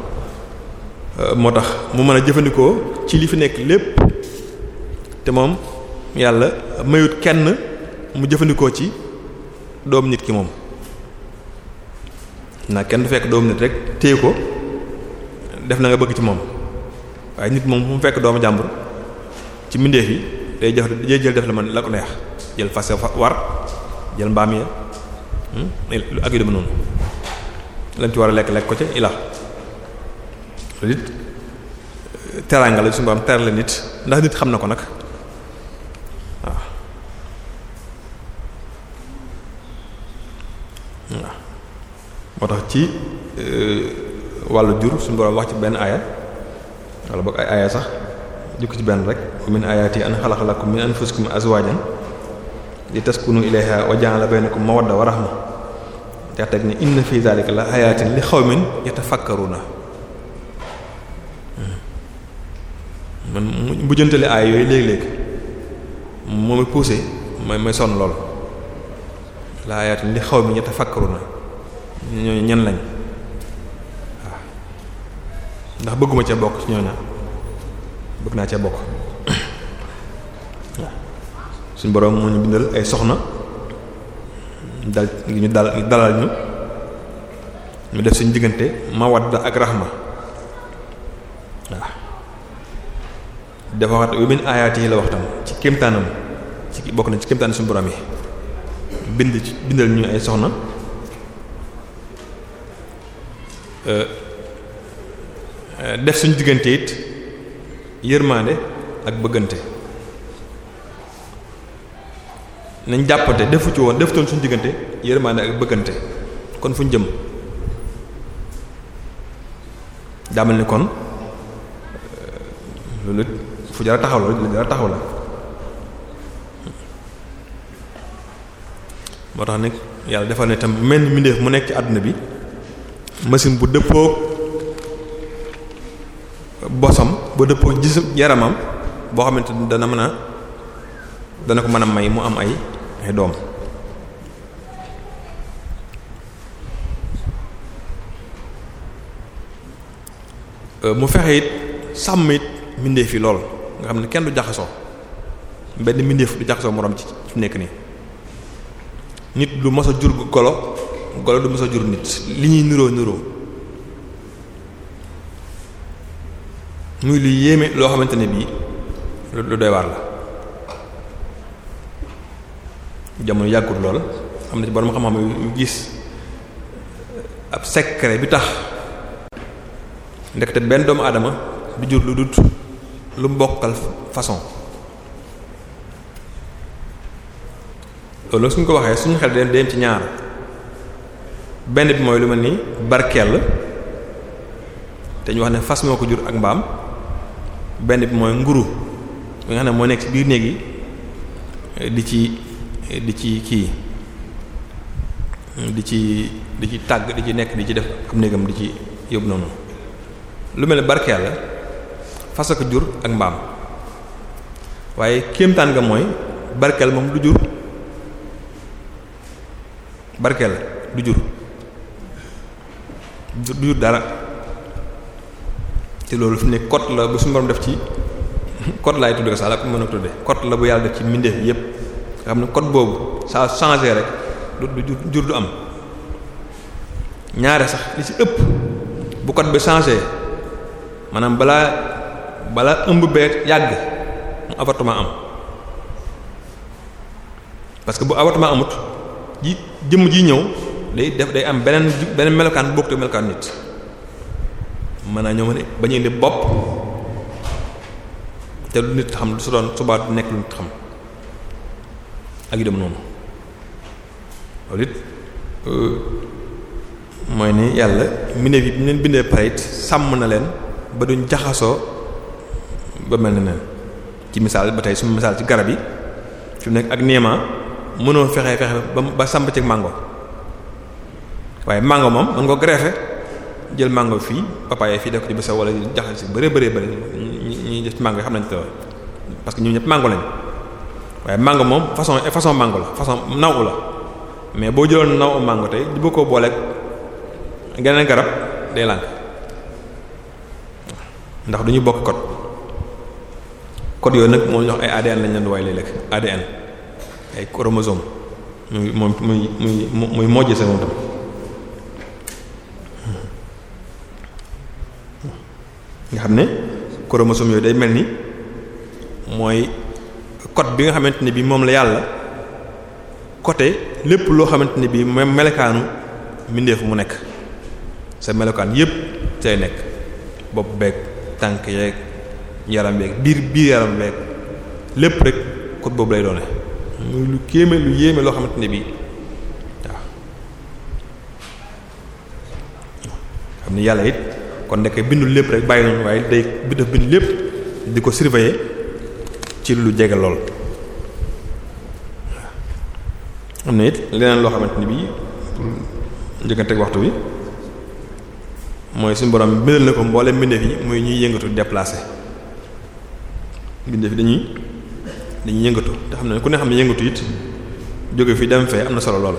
[SPEAKER 3] euh, moo tax mu mën a jëfandikoo ci li fi nekk lépp te moom yàlla mayut kenn mu jëfandikoo ci doomu nit ki moom naa kenn du fekk doomu nit rek téye ko def na nga bëgg ci moom waaye nit moom fu mu fekk doomu jàmbur ci mbindeef yi day jël day jël def la man la ko neex jël fas war jël mbaam ya hmm? lu ak yu deme noonu lañ ci war a lekk lekk ko ci ila loolu it euh, teraanga la suñu borom teral nit ndax nit xam na ko nag waaw moo tax ci euh, wàllu jur su borom wax ci benn aaya wala boog ay aaya sax jukki ci benn rek wa min ayati an xalaqalakum min anfusikum azwajan li taskunu ilayha wa ja'ala baynakum mawadda wa rahma te teg ne inna fi zalika la ayatin li xawmin yatafakkaruna man bu jëntale aay yooyu léeg-léeg moom it poussé mooy mooy sonn lool la ayatin li xawmin yatafakkaruna ñooñu ñan lañ waaw ndax bëgguma ca bokk ci ñooña bëgg naa ca bokk. suñ borom moo ñu bindal ay soxna dal ñu dal dalal ñu ñu def suñu diggante mawadda ak rahma waaw dafa waxat yu min ayaati yi la waxtam ci kéemtaanam ci bokk na ci kéemtaan suñu borom yi bind ci bindal ñu ay soxna def suñu diggante it yërmaande ak bëggante nañ jàppante defu ci woon defutoon suñu diggante yërmaande ak bëggante kon fu ñu jëm jàmmal ni kon euh, loolu fu jara taxaw la moo tax nag yàlla defal ne tam mel ni mbindeef mu nekk ci àdduna bi machine bu dëppook bosam bu dëppook gis yaramam boo xamante dana mën a dana ko mën a may mu am ay joxe doom euh, mu fexe it sàmm it mbindeef yi lool nga xam ne kenn du jaxasoo benn mbindeef du jaxasoo moroom ci ci nekk nii nit du mës a jur golo golo du mës a jur nit li ñuy niroo niroo muy lu yéeme loo xamante ne bii lu doy waar la jamono yàggut lool am na ci borom xam-xam yu gis eh, ab secret bi tax ndekete benn doomu aadama du jur lu dut lu mbokkal façon loolu suñ ko waxee suñu xel dem dem ci ñaar benn bi mooy lu ma ni barkeel te ñu wax ne fas moo ko jur ak mbaam benn bi mooy nguru bi nga xam ne moo nekk ci biir néegi eh, di ci di ci kii di ci di ci tàgg di ci nekk di ci def am néegam di ci yóbbu noonu lu mel ne barkeel la fas ak jur ak mbaam waaye kéemtaan nga mooy barkeel moom du jur barkeel du jur du jur dara te loolu fi ne code la bu suñu borom def ci code laay tudde ko sax la ko mën a tudde code la bu yàlla def ci mbindeef yépp nga xam ne code boobu saa changé rek du du jur du am ñaare sax li ci ëpp bu code bi changé maanaam balaa balaa ëmb bee yàgg mu avortement am parce que bu avortement amut ji jëmm ji ñëw day def day am beneen beneen melokaan bokk te melokaan nit mën naa ñëw ne bañ a indi bopp te lu nit xam su doon subaat nekk lu nit xam. ak yu dem noonu loolu it euh, mooy ni yàlla mbindeef yi bi leen bindee pare it sàmm na leen ba duñ jaxasoo ba mel ne neen ci misaal ba tey suñu misaal ci garab yi fi nekk ak néema mënoo fexe fexe ba ba sàmp ci mango waaye mango moom mën ko greffer jël mango fii papaye fii def ko ci bés wala jaxase bëre bëre bëre ñu ñi def ci mango yi xam nañ te parce que ñun ñëpp mango lañ waaye mango moom façon façon mango la façon naw la mais boo jëloon naw mango tey di ko booleeg geneen garab day lànk ndax du ñu bokk code code yooyu nag moo ñu ay ADN lañ leen di waaye lekk léeg ADN ay chromosome muy moom muy muy muy sa moom tam nga xam ne chromosome yooyu day mel ni mooy. code bi nga xamante ne bi moom la yàlla côté lépp loo xamante ne bi même melokaanu mbindeef mu nekk sa melokaan yépp say nekk bopp beeg tànk yeeg yaram beeg biir biir yaram beeg lépp rek code boobu lay doone muy lu kéeme lu yéeme loo xamante ne bi xam ni yàlla it kon nekk bindu lépp rek bàyyi nañu waaye day def bind lépp di ko surveiller ci lu jege lool am na it leneen loo xamante ni bii njëkkanteeg waxtu wi mooy suñu borom bindal na ko mboolem mbindeef yi muy ñuy yëngatu déplacé mbindeef yi dañuy dañuy yëngatu te xam ne ku ne xam ne yëngatu it jóge fi dem fee am na solo lool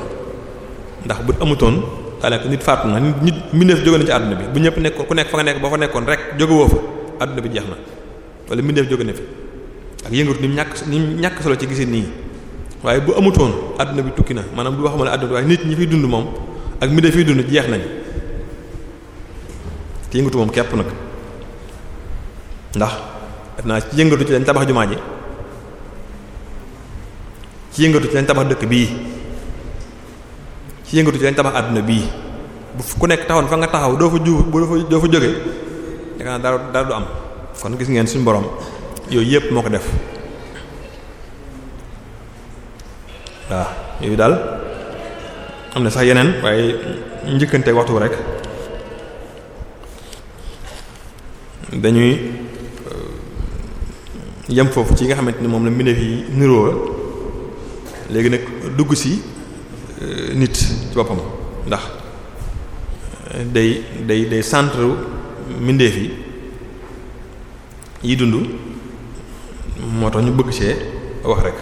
[SPEAKER 3] ndax bu amutoon daanaka nit faatu na nit mbindeef jóge na ci àdduna bi bu ñëpp nekkoon ku nekk fa nga nekk boo fa nekkoon rek jóge woo fa àdduna bi jeex na wala mbindeef jóge na fi. ak yëngatu ni mu ñàkk ñàkk solo ci gisee nii waaye bu amutoon àdduna bi tukki na maanaam du waxuma la adduna waaye nit ñi fiy dund moom ak mi de fiy dund jeex nañ te yëngatu moom képp nag ndax def naa ci yëngatu ci lañ tabax jumaa ji ci yëngatu ci lañ tabax dëkk bii ci yëngatu ci lañ tabax adduna bii bu ku nekk taxoon fa nga taxaw doo fa ju doo fa doo fa jóge yaakaar naa dara dara du am kon gis ngeen suñu boroom yooyu yépp moo ko def waaw yooyu daal am na sax yeneen waaye njëkkante waxtu rek dañuy euh, yem foofu ci nga xamante ni moom la mbindeef yi niroo léegi nag dugg si euh, nit ci boppam ndax euh, day day day centre mbindeef yi yi dund moo tax ñu bëgg see wax rek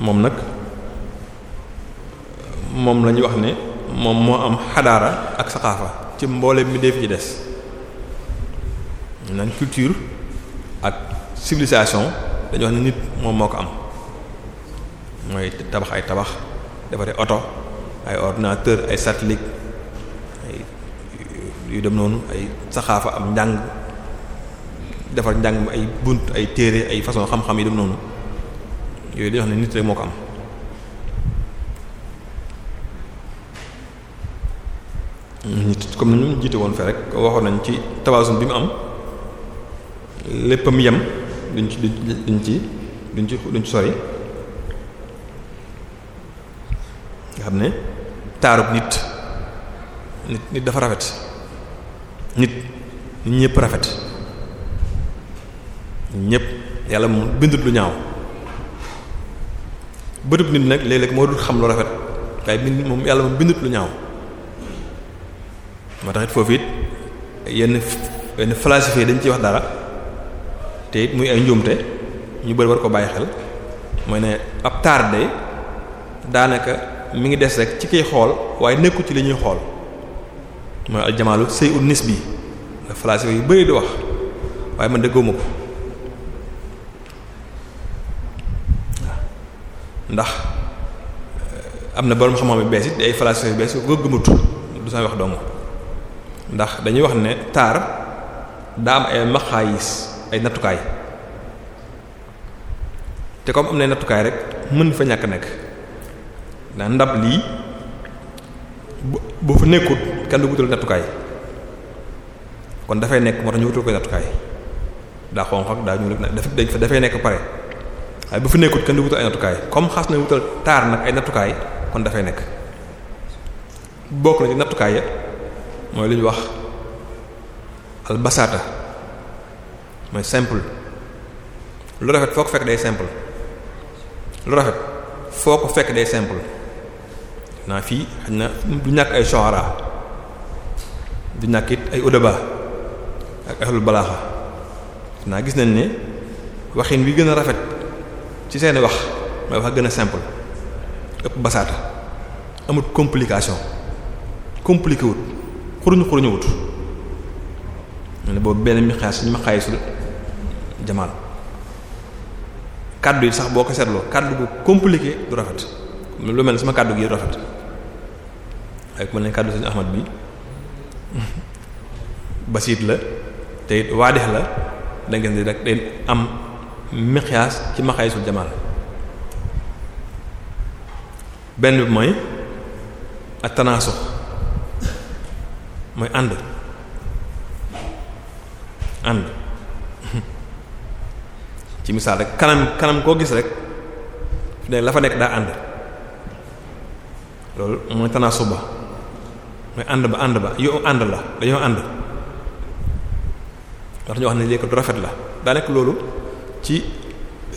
[SPEAKER 3] moom nag moom la ñu wax ne moom moo am xadaara ak saxaafa ci mboole mi def ji des nañ culture ak civilisation dañu wax ne nit moom moo ko am mooy tabax ay tabax defaree oto ay ordinateur ay satellite yu dem noonu ay saxaafa am njàng defar njàng mi ay bunt ay téere ay façon xam-xam yi dem noonu yooyu dañoo xam ne nit moo ko am. comme ni ñu jiite woon fee rek waxoon nañ ci tawaazun bi mu am léppam yem duñ ci duñ ci duñ ci duñ ci sori nga xam ne taaru nit nit nit dafa rafet nit nit ñépp rafet. ñëpp yàlla mu bindut lu ñaaw bëtub nit nag léeg moo dul xam lu rafet waaye bind moom yàlla moom bindut lu ñaaw moo tax it foofu it yenn yenn philosophie dañ ciy wax dara te it muy ay njuumte ñu bëri ko bàyyi xel mooy ne ab tardé daanaka mu ngi des rek ci kiy xool waaye nekkul ci li ñuy xool mooy aljamaalu sëy ut nis bi la philosophie yu bëri di wax waaye man dëgguma ko ndax eh, am na borom xam-xam yu bees it ay falaasifa yu bees yu ko gëmut du sama wax dong ndax dañuy wax ne taar daa am ay maqaayis ay nattukaay te comme am na nattukaay rek mën fa ñàkk nekk ndax ndab lii bu bu fa nekkut kenn du wutal nattukaay kon dafay nekk moo tax ñu wutal koy nattukaay daa xonq ak daa ñuul dafa dafay nekk pare. waaye bu fi nekkut kenn du wutal ay nattukaay comme xas na wutal taar nag ay nattukaay kon dafay nekk bokk na ci nattukaay ya mooy lu ñu wax albasaata mooy simple lu rafet foo ko fekk day simple lu rafet foo fekk day simple naa fii xaj na du ñàkk ay soxara du ñàkk ay udaba ak ahlul balaaxa naa gis nañ ni waxin wi gën a rafet ci seeni wax mooy wax gën a simple ëpp basaata amut complication compliqué wut xuruñu xuruñu wut ne boobu benn mi xaas suñu ma xaayisul jamaal kaddu yi sax boo ko seetloo kaddu bu compliqué du rafet lu mel ne sama kàddu gi du rafet ak ku mel ne kaddu suñu Ahmad bi <laughs> basiit la te it waadex la da ngeen rek day am miqyaas ci maxayisul jamal benn bi mooy ak tanaasux mooy ànd ànd <laughs> ci misaal rek kanam kanam koo gis rek fi ne la fa nekk daa ànd loolu mooy tanaasux ba mooy ànd ba ànd ba yow ànd la dañoo ànd ndax ñu wax ne léegi du rafet la daa nekk loolu ci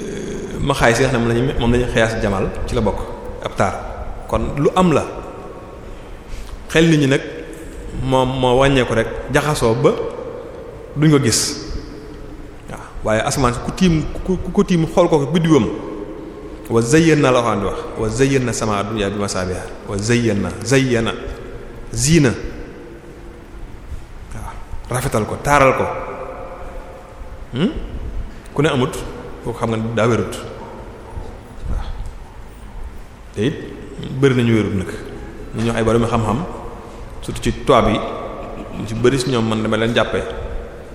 [SPEAKER 3] euh, maxaay si nga xam ne moom lañuy xiyaas jamal ci la bokk ab taar kon lu am la xel nit ñi nag moom moo wàññeeku rek jaxasoo ba duñ ko gis waaw waaye asamaan si ku tiim ku ko tiim xool ko biddiwam wa zayyana la waxaan di wax wa zayyana sama dunya bi masabiha wa zayyana zayyana ziina waaw rafetal ko taaral ko hmm? ku ne amut kooku xam nga daa wérut waaw te it bëri nañu wérut nag ñu ñoo ay borom xam-xam surtout ci toit bi ci bëri si ñoom man dama leen jàppee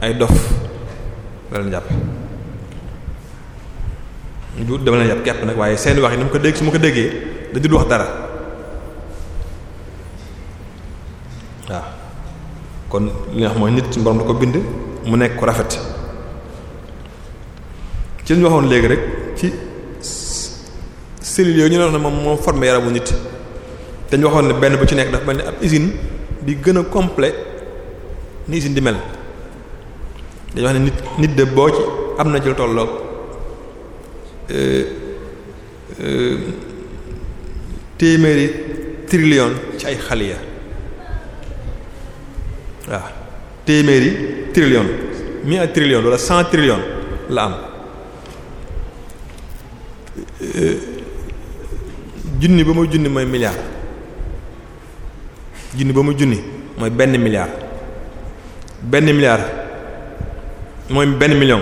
[SPEAKER 3] ay dof la leen jàppe du dama leen jàpp kepp nag waaye seen wax yi ni mu ko dégg su ma ko déggee da dul wax dara waaw kon li nga mooy nit ci borom da ko bind mu nekk ku rafet ci ñu waxoon léegi rek ci cellules yooyu ñu ne wax ne moom moo formé yaramu nit dañu waxoon ne benn bu ci nekk dafa mel ne ab usine bi gën a complet ni usine di mel dañu wax ne nit nit de boo ci am na ci lu tolloog euh, euh, téeméeri trillion ci ay xaliya waaw téeméeri trillion mi ay trillion wala cent trillion la am Euh, junni ba muy junni mooy milliard junni ba muy junni mooy benn milliard benn milliard mooy benn million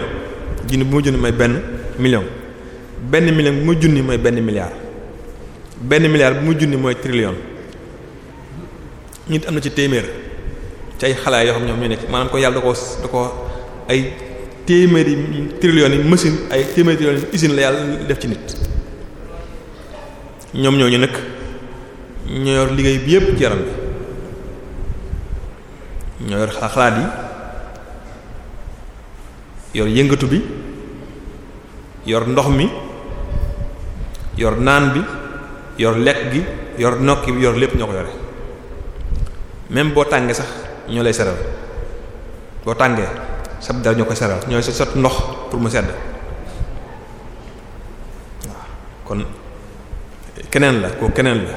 [SPEAKER 3] junni bu muy junni mooy benn million benn million benn milliard benn milliard bu mu junni mooy trillion nit am na ci téeméer ci ay xalaat yoo xam ñoom ñu nekk maanaam ko yàlla da ko da ko ay téeméeri trillion yi machine ay téeméeri trillion yi usine la yàlla def ci nit ñoom ñooñu nag ñoo yor liggéey bi yépp ci yaram bi ñoo yor xalaat yi yor yëngatu bi yor ndox mi yor naan bi yor lekk gi yor nokki bi yor lépp ñoo ko yore même boo tàngee sax ñoo lay seral boo tàngee sab dara ñoo koy seral ñooy sa sot ndox pour mu sedd waaw keneen la ko keneen la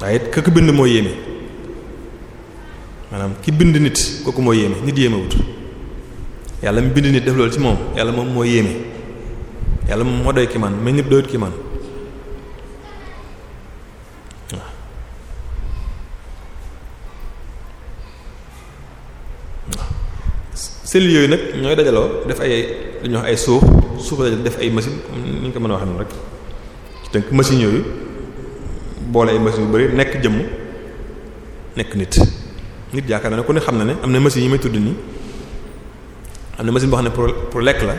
[SPEAKER 3] waaye ka ko bind moo yéeme maanaam ki bind nit kooku moo yéeme nit yéemewut yàlla mu bind nit def loolu ci moom yàlla moom moo yéeme yàlla moom moo doy ki man mais nit doyut ki man waaw cellules yooyu nag ñooy dajaloo def ay lu ñuy wax ay suuf suuf dajal def ay machine ni ñu ko mën a waxee rek tënk machine yooyu boole ay machine yu bëri nekk jëmm nekk nit nit yaakaar na ne ku ne xam na ne am na machine yi may tudd nii am na machine boo xam ne pour pour lekk la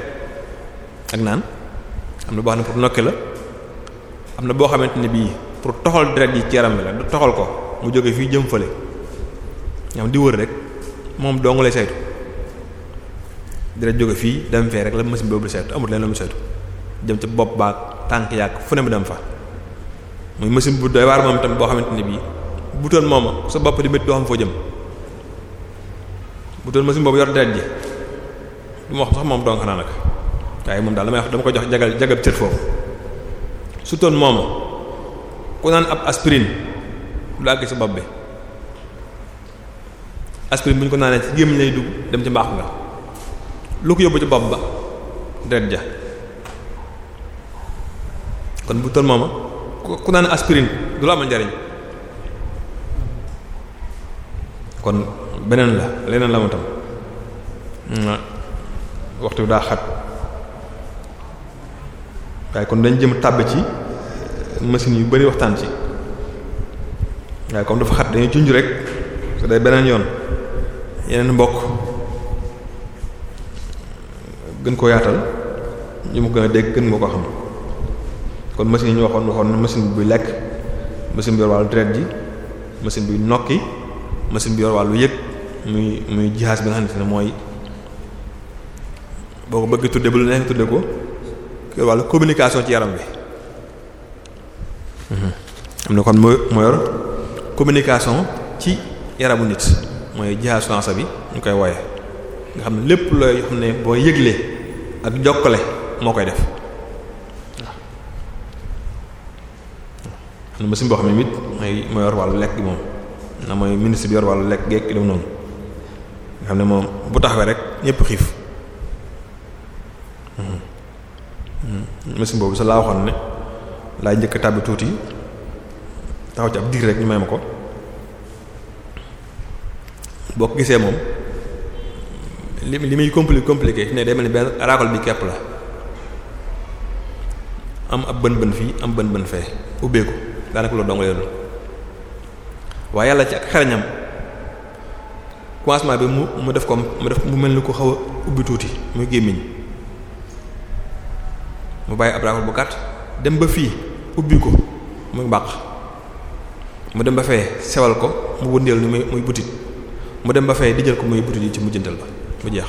[SPEAKER 3] ak naan am na boo xam ne pour nokki la am na boo xamante ne bii pour toxal deret yi ci yaram bi la du toxal ko mu jóge fii jëm fële ñam di wër rek moom dong lay saytu deret jóge fii dem fee rek la machine boobu di saytu amul leen la mu saytu jëm ca bopp baag tànk yàgg fu ne mu dem fa muy machine bu doy waar moom tamit boo xamante ne bii butoon moom sa bopp di métti doo xam foo jëm butoon machine boobu yor deret ji du ma wax sax moom dong xanaa nag waaye moom daal damay wax dama ko jox jagal jagal cër foofu su toon moom ku naan ab aspirine lu àgg sa bopp bi aspirine bu ñu ko naanee ci gémmiñ lay dugg dem ci mbaaxu nga lu ko yóbbu ci bopp ba deret ja kon bu toll mooma ku naan aspirine du la amal njariñ kon beneen la leneen la ma tam waxtu bi daa xat waaye kon dañ jëm tàbb ci eh, machines yu bari waxtaan ci waaye comme dafa xat dañuy junj rek su day beneen yoon yeneen mbokk gën koo yaatal ñu mu gën a dégg gën nga ko xam kon machine yi ñu waxoon waxoon machine bi buy lekk machine bi yor wàllu deret ji machine bi nokki machine bi yor wàllu yëg muy muy jihaas bi nga xamante ne mooy boo ko bëgg tudde bu lu nekk tudde ko yor wàllu mm-hmm. na kon moo moo communication ci yaramu nit mooy jihaas sansa bi ñu koy wooye nga xam ne lépp looy xam ne boo yëgle ak jokkale moo koy def na boo xam ne it mooy mooy yor lekk gi moom na mooy ministre bi yor wàllu lekk geeg ki noonu nga xam ne moom bu taxawee rek ñépp xiif hmm. Hmm. machine boobu sa laa waxoon ne laay njëkk a tàbbi tuuti taxaw ci ab diir rek ñu may ma ko boo ko gisee moom li li muy compliqué compliqué ne day mel ni benn raakol bi kepp la am ab bën bën fii am bën bën fee ubbeeku daanaka loolu donga yoonul waaye yàlla ci ak xereñam commencement bi mu mu def ko mu def mu mel ni ko xaw a ubbi tuuti muy gémmiñ mu bàyyi ab raaxul bu gàtt dem ba fii ubbi ko muy bàq mu dem ba fee sewal ko mu wëndeel ni muy muy butit mu dem ba fee di jël ko muy butit yi ci mujjantal ba mu jeex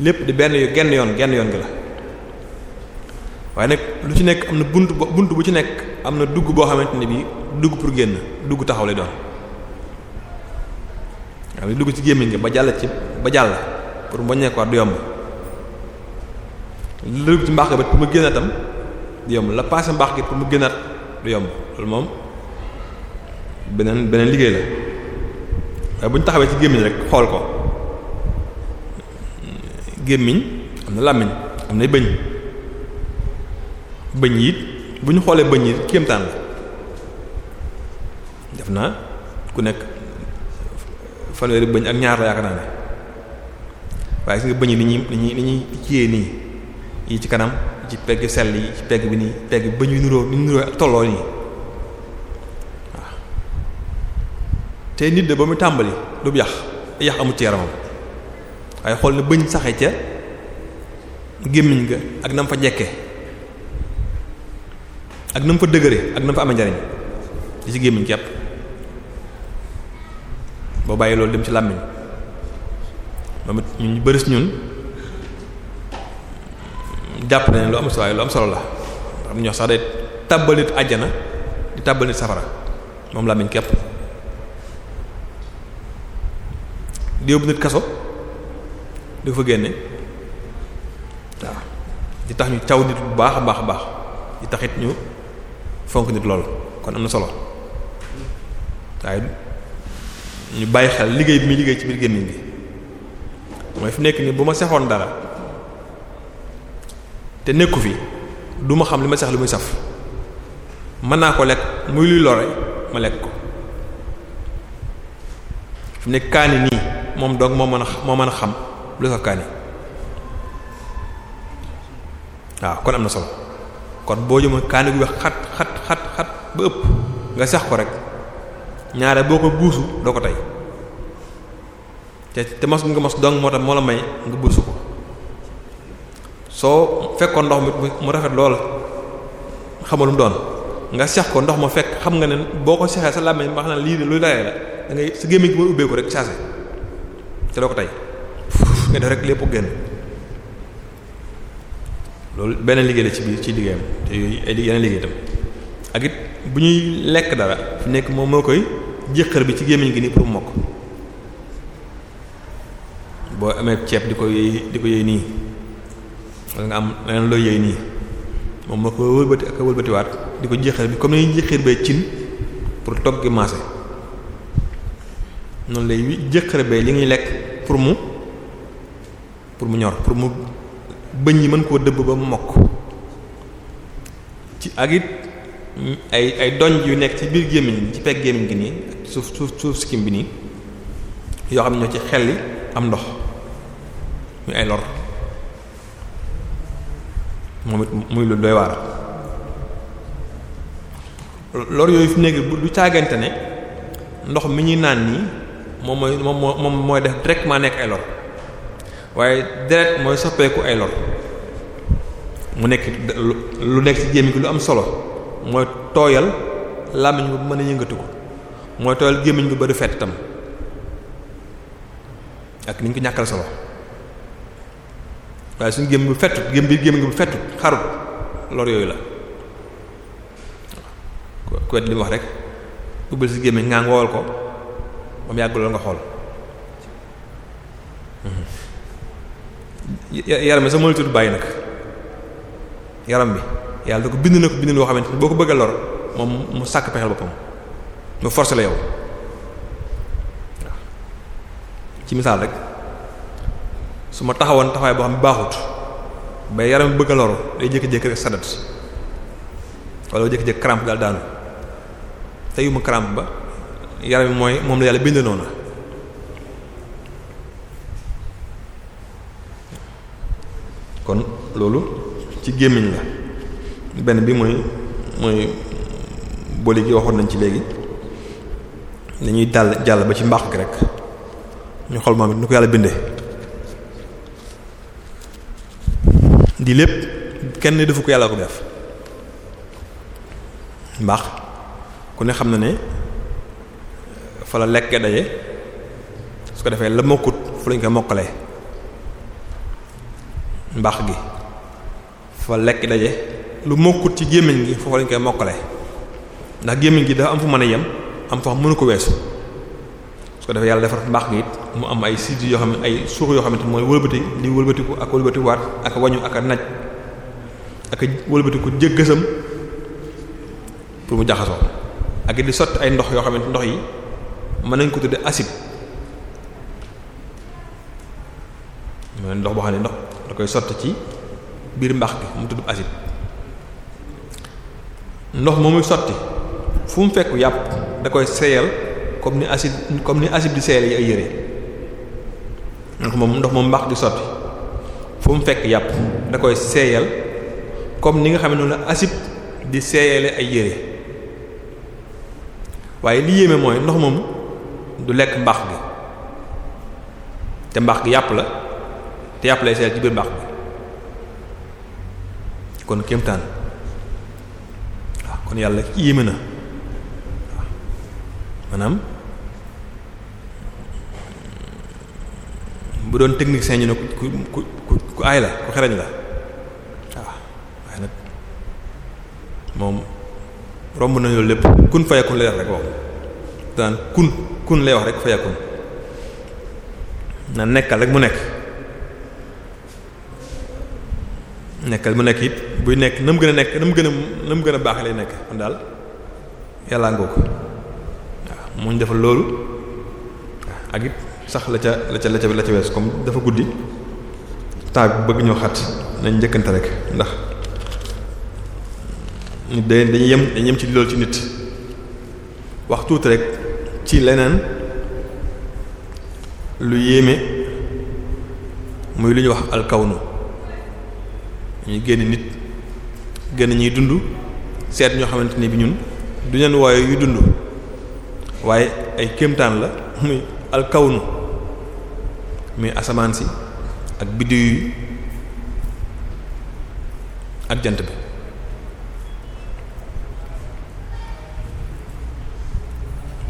[SPEAKER 3] lépp di benn yu genn yoon genn yoon gi la waaye nag lu ci nekk am na bunt bunt bu ci nekk am na dugg boo xamante ni bii dugg pour génn dugg taxaw lay doon waaw li dugg ci gémmiñ nga ba jàll ci ba jàll pour mboñeekuwaat du yomb li dugg ci mbaax ga ba pour mu génnaatam du yomb la passé mbaax gi pour mu génnaat du yomb loolu moom beneen beneen liggéey la waaye bu ñu taxawee ci gémmiñ rek xool ko gémmiñ am na làmmiñ am nay bëñ bëñ yi bu ñu xoolee bëñ yi kéemtaan la def naa ku nekk fanweeri bëñ ak ñaar la yaakaar waaye gis nga bëñ yi ni ñuy ni ñuy ciyee nii yi ci kanam ci pegg sell yi ci pegg bi nii pegg bi bëñ yu niroo ni niroo ak tolloo nii waaw te nit de ba mu tàmbali du yax yax amul ci yaramam waaye xool na bëñ saxe ca gémmiñ nga ak nam fa jekke ak na mu fa dëgëre ak na mu fa amee njariñ di ci gémmiñ kepp boo bàyyi loolu dem ci làmmiñ moom it ñu bëri si ñun jàpp nañ lu am solo la xam ñoo sax day tàbbalit àjjana di tàbbalit safara moom làmmiñ kepp di yóbbu nit kaso di ko fa génne waaw di tax ñu caw nit bu baax baax a baax di taxit ñu fonk nit lool kon am na solo waaye ñu bàyyi xel liggéey bi muy liggéey ci biir gémmiñ bi mooy fi nekk nii bu ma sexoon dara te nekku fi du ma xam li ma sex li muy saf mën naa ko lekk muy luy lore ma lekk ko fi nekk kaani nii moom doog moo mën a moo mën a xam lu saf kaani waaw kon am na solo kon boo jëma kaani gu xat xat xat ba ëpp nga sax ko rek ñaare boo ko buusu doo ko tey te te mos nga mos dong moo tax moo la may nga buusu ko soo fekkoon ndox mi mu rafet lool xamalum doon nga sax ko ndox ma fekk xam nga ne boo ko saxee sa làmmiñ ma xam lii de luy layee la da ngay sa gémmiñ gi mooy ubbeeku rek saase te doo ko tey nga def rek lépp génn loolu benn liggéey la ci biir ci liggéeyam te yooyu yeneen liggéey tam ak bu ñuy lekk dara fi nekk moom moo koy jëqër bi ci gémmiñ gi nii pour mu mokk boo amee ceeb di ko yëy di ko yëy nii wala nga am leneen loo yëy nii moom moo ko wëlbati ak wëlbatiwaat di ko jëqër bi comme nañuy jëqër bee cin pour togg maase noonu lay jëqër bee li ngay lekk pour mu pour mu ñor pour mu bëñ yi mën koo dëbb ba mu mokk ci ak ay ay doñ yu nekk ci biir gémmiñ ci pegg gémmiñ gi nii suuf suuf suuf sikkim bi nii yoo xam ne ñoo ci li am ndox muy ay lor moom it lu doy waar lor yooyu fi nekk bu càggante ne ndox mi ñuy naan nii moom def directement nekk ay waaye deret mooy soppeeku ay mu nekk lu nekk ci gémmiñ gi lu am solo mooy tooyal làmmiñ bu mën a yëngatu ko mooy tooyal gémmiñ bi ba du fett tam ak ni ñu ko ñàkkal solo waaye suñ gémmiñ bu fettut gém gémmiñ bu fettut xarut lor yooyu la ku wet li mu wax rek ubbil si gémmiñ ngaa ngoowal ko moom yàgg loolu nga xool hmm. yaram bi sa mënatul bàyyi nag yaram bi yàlla da ko bind na ko bind loo xamante ni boo ko bëgga lor moom mu sàkk pexeel boppam mu forcé la yow ci misaal rek su ma taxawoon taxawaay boo xam ne baaxut ba yaram bëgg a loru day jékki-jékki rek sadat wala jékki-jékki crampe daal daanu te yu ba yaram bi mooy moom la yàlla bind noonu kon loolu ci gémmiñ la benn bi mooy mooy boole gi waxoon nañ ci léegi dañuy dal jàll ba ci mbaax gi rek ñu xool moom it nu ko yàlla bindee di lépp kenn defu ko yàlla ko def mbaax ku ne xam na ne fa la lekkee daje su ko defee la mokkut fu lañ koy mokkalee mbaax gi fa lekk daje lu mokkut ci gémmiñ gi foofu lañ koy mokkale ndax gémmiñ gi dafa am fu mën a yem am fa mënu ko weesu su ko yàlla defar mbaax gi it mu am ay siddi yoo xam ne ay suux yoo xam xamante mooy wëlbati di wëlbatiku ak wëlbatiwaat ak wañu ak a naj ak a wëlbatiku jëggësam pour mu jaxasoo ak di sott ay ndox yoo xamante ndox yi mën nañ ko tudde acide mooy ndox boo xam ne ndox da koy sott ci biir mbaax gi mu tudd acide ndox mu muy sotti fu mu fekk yàpp da koy seyal comme ni acide comme ni acide di seeyal ay yére ndox moom ndox moom mbax di sotti fu mu fekk yàpp da koy seyal comme ni nga xame ne noonu la acide di seyale ay yére waaye li yéeme mooy ndox moom du lekk mbax gi te mbaax gi yàpp la te yàpp lay seeyal ci biir mbaax bi kon kéemtaan kon yàlla yéeme na waaw bu doon technicien ñu ne ku ku ku aay la ku xereñ la waaw ah, waaye nag moom romb na lépp kun fayakun lay wax rek wax daan kun kun lay wax rek fayakun na nekkal rek mu nekk nekkal mu nekk it buy nekk na mu gën a nekk na mu gën a na mu gën a baax lay nekk kon daal yàllaa ngoo ko waaw muñ defal loolu ak it sax la ca la ca la ca la ca wees comme dafa guddi temps bëgg ñoo xat nañ njëkkante rek ndax nit day dañuy yem dañuy yem ci loolu ci nit wax tuuti rek ci leneen lu yéeme muy lu ñuy wax alkawnu ñu génn nit génn ñuy dund seet ñoo xamante ni bi ñun du leen wooye yu dund waaye ay kéemtaan la muy alkawnu muy asamaan si ak biddiw yi ak jant bi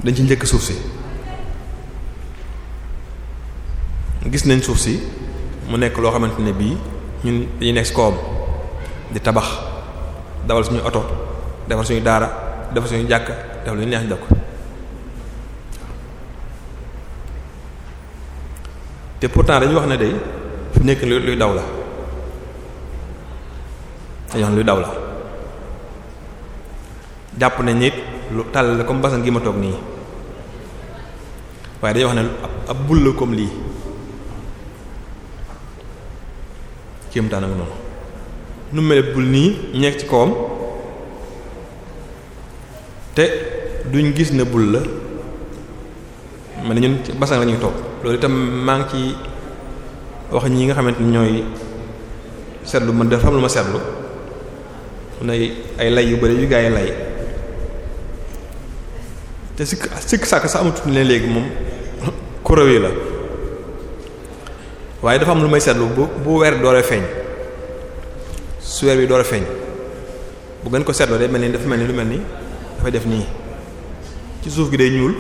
[SPEAKER 3] dañ ci njëkk suuf si gis nañ suuf si mu nekk loo xamante ne bii ñun dañuy nekk si kawam di tabax dawal suñu oto defar suñu daara defar suñu jàkk def lu neex ñu def ko te pourtant dañuy wax ne day fi nekk luy daw la dañuy wax luy daw la jàpp nañ nit lu tàll la comme basan gi ma toog nii waaye dañuy wax ne ab bul la comme lii kéem daanaka noonu nu mel bul nii ñeeg ci kawam te duñ gis ne bul la man ñun ci basang la ñuy toog loolu itam maa ngi ci wax ñi nga xamante ni ñooy seetlu man def am lu ma seetlu ne ay lay yu bari yu gaa yi lay te sikk sikk sàkk sa amatuñ leen léegi moom <laughs> kuréel yi la. waaye dafa am lu may seetlu bu bu weer dooree feeñ su weer bi dooree feeñ bu ngeen ko seetloo day mel ni dafa mel ni lu mel ni dafay def nii ci suuf gi day ñuul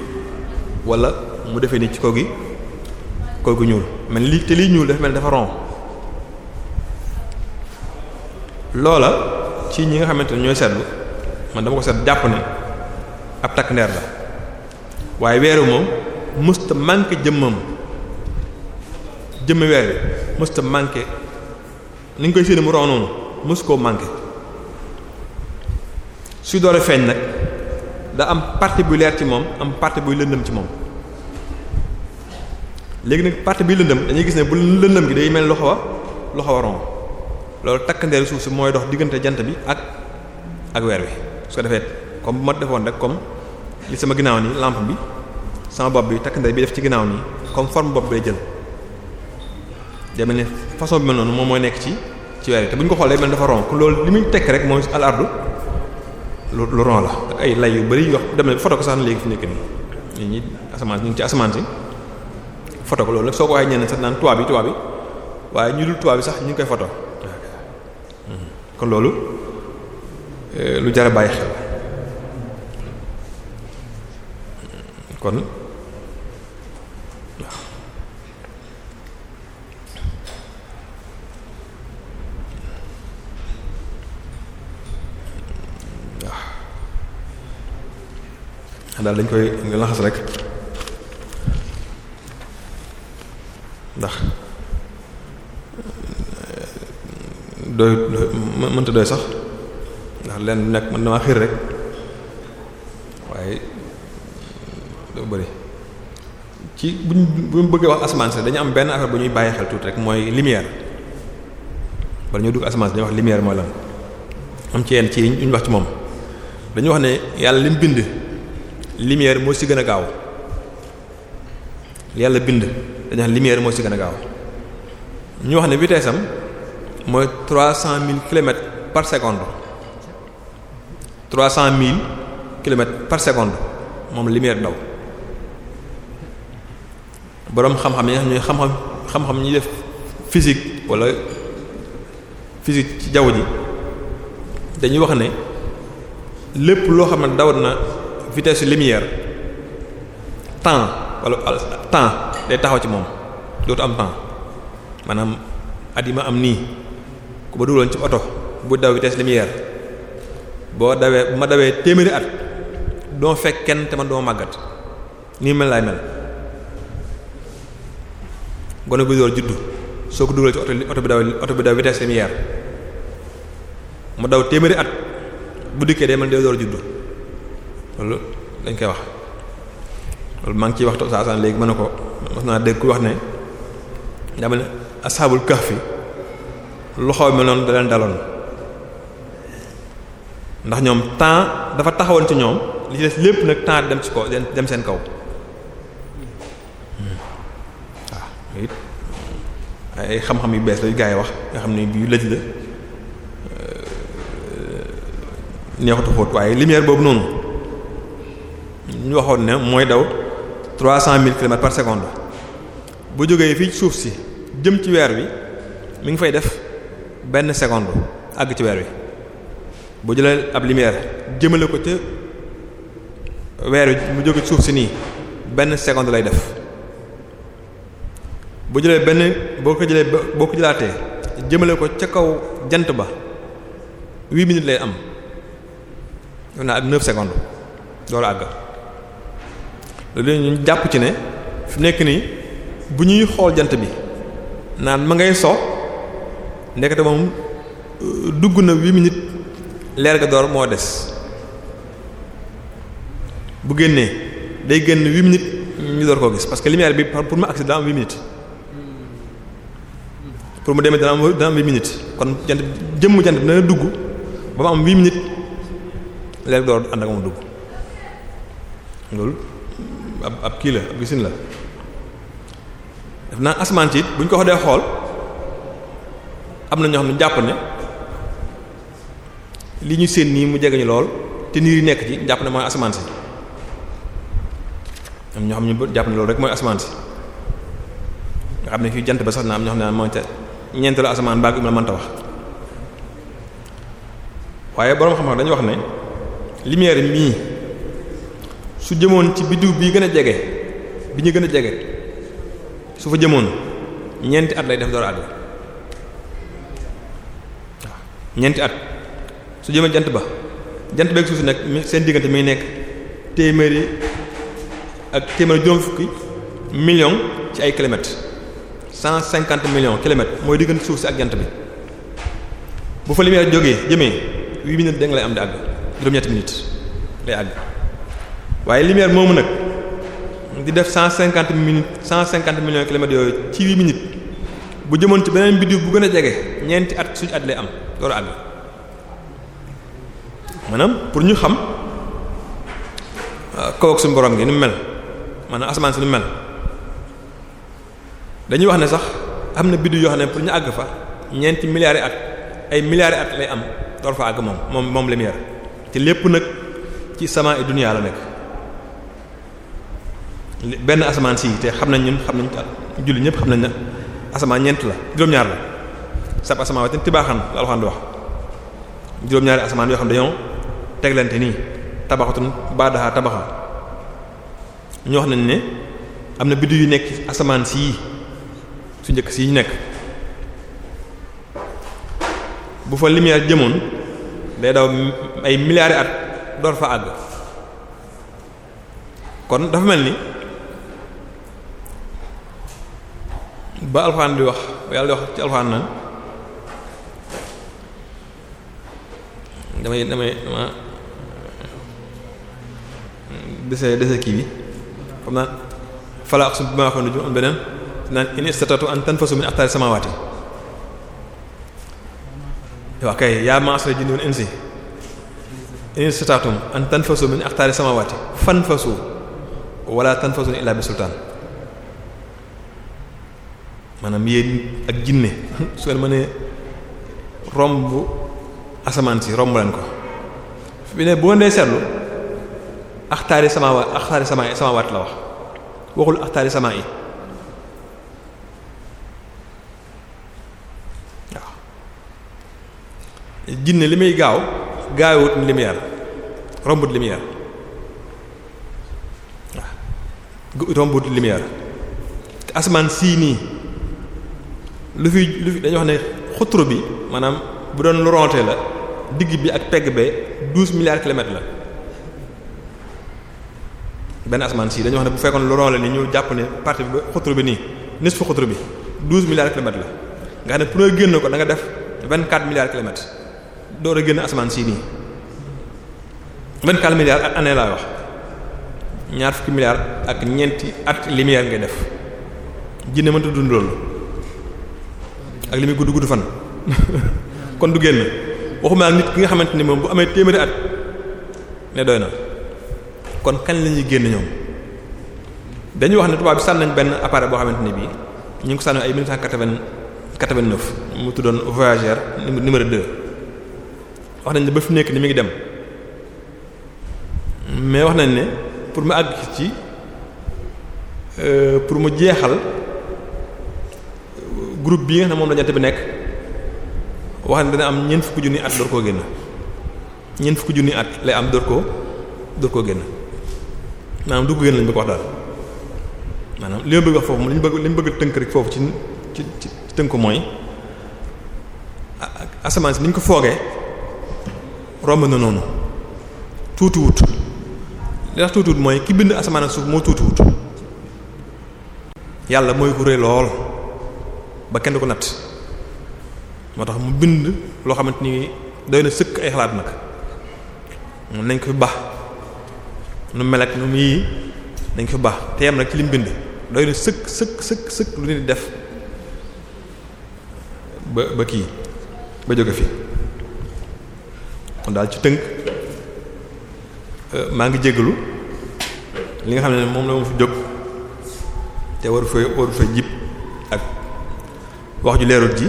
[SPEAKER 3] walla mu defee ni ci kaw gi kaw gi ñuul mel li te liy ñuul dafa mel ni dafa ron loola ci ñi nga xamante ne ñooy seetlu man dama ko seet jàpp ne ab takk ndeer la waaye weeru moom musta manque jëmmam jëmmi weer wi mës ta manqué ni ñu koy séeni mu ron noonu mës koo manqué su doole feeñ nag da am parti bu leer ci moom am parti buy lëndëm ci moom léegi nag partie bi lëndëm dañuy gis ne bu lëndëm gi day mel loxo wa loxo wa ron loolu takkandeeru suuf si mooy dox diggante jant bi ak ak weer wi su ko defee comme bu ma defoon rek comme li sama ginnaaw nii làmp bi sama bopp bi takkandeer bi def ci ginnaaw nii comme forme bopp bi lay jël day ne façon bi mel noonu moom mooy nekk ci ci weer te bu ñu ko xoolee mel dafa ron kon loolu li muy tekk rek mooy al lu lu ron la ay lay yu bari yoo xam dem na foto ko sax léegi fi nekk nii ñi asamaan ñu ngi ci asamaan si foto ko loolu nag soo ko waxee ñenn sax naan tubaab bi tubaab bi waaye ñu dul tubaab bi sax ñu koy foto hmm. kon loolu eh, lu jar a bàyyi xel hmm. kon. daal dañ koy laxas rek ndax eh, doy mënta doy sax ndax leen nekk mën damaa xiir rek waaye doo bëri ci buñ buñ bëggee wax asamaan dañu am benn affaire bu ñuy bàyyi xel tuuti rek mooy lumière bala ñoo dugg asamaan si wax lumière mooy lan am ci yenn ci ñu wax ci moom dañu wax ne yàlla lim bind lumière moo ci gën a gaaw yàlla bind dañu wax lumière moo ci gën a gaaw ñu wax ne vitesse mooy trois cent mille kilomètres par seconde trois cent mille kilomètres par seconde moom lumière daw boroom xam-xam yi ñuy xam-xam xam-xam ñuy def physique wala physique ci jaww ji dañuy wax ne lépp loo xam ne daw na. vitesse lumière temps wala temps day taxaw ci moom dootu am temps maanaam at yi ma am nii ku ma dugaloon ci oto bu daw vitesse lumière boo dawee ma dawee téeméeri at doo fekk kenn te man doo màggat nii mel laay mel gone gu door juddu soo ko dugal ci oto oto bi daw oto bi daw vitesse lumière mu daw téeméeri at bu dikkee day mel day door juddu loolu dañ koy wax loolu maa ngi ciy wax to léegi mën na ko mas naa dégg ku wax ne dama ne ashabul kahfi lu xaw mi noonu daloon ndax ñoom temps dafa taxawoon ci ñoom li ci lépp nag temps dem ci kaw dem seen kaw hmm. waaw it ay xam-xam yu bees la yu gaa yi wax nga xam ne bii lëj la neexutu xóot waaye lumière boobu noonu ñu waxoon ne mooy daw trois cent mille kilomètres par seconde bu jógee fii suuf si jëm ci weer wi mi ngi fay def benn seconde àgg ci weer wi bu jëlee ab lumière jëmale ko ca weer wi mu jóge suuf si nii benn seconde lay def bu jëlee benn boo ko jëlee boo ko jëlaatee jëmale ko ca kaw jant ba huit minutes lay am yow naa ak neuf secondes loolu àgg léegi ñu jàpp ci ne fi nekk nii bu ñuy xool jant bi naan ma ngay so ndekete moom euh, dugg na huit minutes leer ga door moo des bu génnee day génn huit minutes ñu door koo gis parce que lumière bi pour mu accident huit minutes pour mu demee dana am dana am huit kon jant jëmm jant bi dana dugg ba mu am huit minutes leer door ànd ak moom dugg ab ab kii la ab gisin la def naa asmaan ci bu ñu ko dee xool am na ñoo xam ne jàpp ne li ñu seen nii mu jege ñu lool te niir yi nekk ci jàpp ne mooy asmaan si ñoo xam ne jàpp ne loolu rek mooy asmaan si nga xam ne fii jant ba sax na am ñoo xam ne mooy te ñeenteelu asamaan baa ngi mën a mënta wax waaye boroom xam-xam dañu wax ne lumière mii. su jëmoon ci biddiw bi gën a jege bi ñu gën a jege su fa jëmoon ñeenti at lay def door a àdduna ñeenti at su jëmee jant ba jant beeg suuf si nag seen diggante mi ngi nekk téeméeri ak téeméeri juróom fukki million ci ay kilomètres cent cinquante millions kilomètres mooy diggante suuf si ak jant bi bu fa lumière jógee jëmee huit minutes da lay am di àgg juróom-ñetti minutes day àgg. waaye lumière moomu nag di def cent cinquante minutes cent cinquante millions kilomètres yooyu ci mi minutes bu jëmoon ci beneen biddiw bu gën a jege ñeenti at suñu at lay am loolu àgg pour ñu xam kaw ak borom gi mu mel maanaam asamaan si dañuy wax ne sax am na biddiw yoo xam ne pour ñu àgg fa ñeenti milliards yi ay milliards at lay am door fa àgg moom moom moom lumière te lépp nag ci sama et dunya la nekk. benn asamaan si te xam na ñun xam nañ julli ñëpp xam nañ na asamaan ñeent la juróom-ñaar la sab asamaan waaye te tibaaxan la alxaan di wax juróom-ñaari asamaan yoo xam dañoo teglante nii tabaxatun baadaha tabaxa ñu wax nañ ne am na biddu yu nekk asamaan sii su njëkk sii ñu nekk bu fa lumière jëmoon day daw ay milliards at door fa àgg kon dafa mel ni ba alxuraan di wax yàlla di wax ci alxuraan naan damay damay dama dese dese kii bi xam naa fala ak su bi ma waxoon ju am beneen naan in istatatu an tanfasu min aqtaari samawati waaw kay yaa ma'shara jinni wal insi in istatatum an bi sultaan maanaam yéen ak jinne <laughs> su ngeen romb asamaan si romb leen ko fi ne bu ngeen dee seetlu axtaari samaawaat axtaari samaa'i samaawaat la wax waxul axtaari samaa'i waaw jinne li muy gaaw gaawut ni lumière rombut lumière waaw rombut lumière te asamaan sii nii lu fi lu fi dañuy wax ne xutru bi maanaam bu doon lu la digg bi ak pegg be douze milliards la benn asamaan si dañuy wax ne bu fekkoon lu ronte la ni ñu jàpp ne parti bi xutru bi nii nisfu xutru bi douze milliards kilomètres la nga xam ne pour nga génn ko da nga def vingt quatre milliards kilomètres door a génn asamaan si nii vingt quatre milliards ak année laa wax ñaar fukki milliards ak ñeenti at lumière ngay def jinne mënta dund loolu ak li muy gudd gudd fan <laughs> kon du génn waxuma ak nit ki nga xamante ni moom bu amee téeméeri at ne doy na kon kañ la ñuy génn ñoom dañuy wax ne tubaab bi sànn benn appareil boo xamante ni bii ñu ngi ko sànni ay 1989 mu tuddoon voyageur numéro 2 wax nañ ne ba fi nekk ni mu ngi dem mais wax nañ ne pour mu àgg ci euh, pour mu jeexal. groupe bii nga xam ne moom la jant bi nekk wax ne dana am ñeent fukki junni at door koo génn ñeent fukki junni at lay am door koo door koo génn maanaam du génn lañ bëgg wax daal maanaam li ma bëgg wax foofu li bëgg li ñu bëgg tënk foofu ci ci ci tënk mooy asamaan si ni ñu ko foogee romb na
[SPEAKER 2] noonu tuutiwut
[SPEAKER 3] li tax tuutiwut mooy ki bind asamaan ak moo tuutiwut yàlla mooy ku rëy lool. ba kenn ko natt moo tax mu bind loo xamante ni doy na sëkk ay xalaat nag nañ ko nu mel mu yii ko baax te yam lim bind doy na sëkk sëkk sëkk def ba ba jóge fi kon daal ci tënk euh, maa ngi jégalu li nga xam ne moom la ma fi jóg te waru fa waru fa jib ak wax ju leerul ji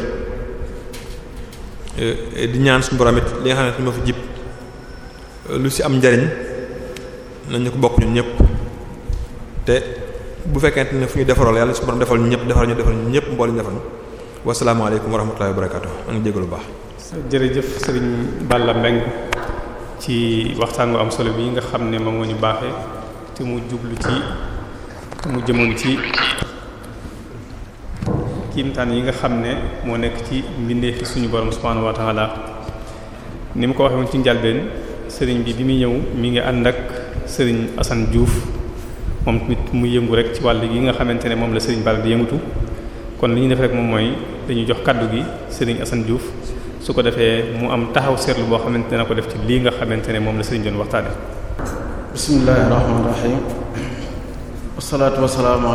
[SPEAKER 3] eh, di ñaan suñu li nga xam ne fi eh, lu ci am njariñ nañu bokk ñun ñëpp te bu fekkente fu ñu defaral yàlla suñu borom ñëpp defal ñu defal ñu ñëpp mbool ñu defal wasalaamaaleykum wa rahmatullahi baax
[SPEAKER 2] jërëjëf sëriñ Balla Mbeng ci waxtaan am solo bi nga xam ne moo ñu baaxee te mu jublu ci mu jëmoon ci kiimtaan yi nga xam ne moo nekk ci mbindeefi suñu borom subhaanahu wa ta'ala ni mu ko waxee ci njalbeen sëriñ bi bi muy ñëw mi ngi ànd ak sëriñ Assane Diouf moom tamit mu yëngu rek ci wàll gi nga xamante ne moom la sëriñ Balla di yëngutu kon li ñu def rek moom mooy dañuy jox kaddu gi sëriñ Assane Diouf su ko defee mu am taxaw seetlu boo xamante ne ko def ci lii nga xamante ne moom la sëriñ doon waxtaane
[SPEAKER 4] bismillahir rahmanir rahim wassalatu wassalamu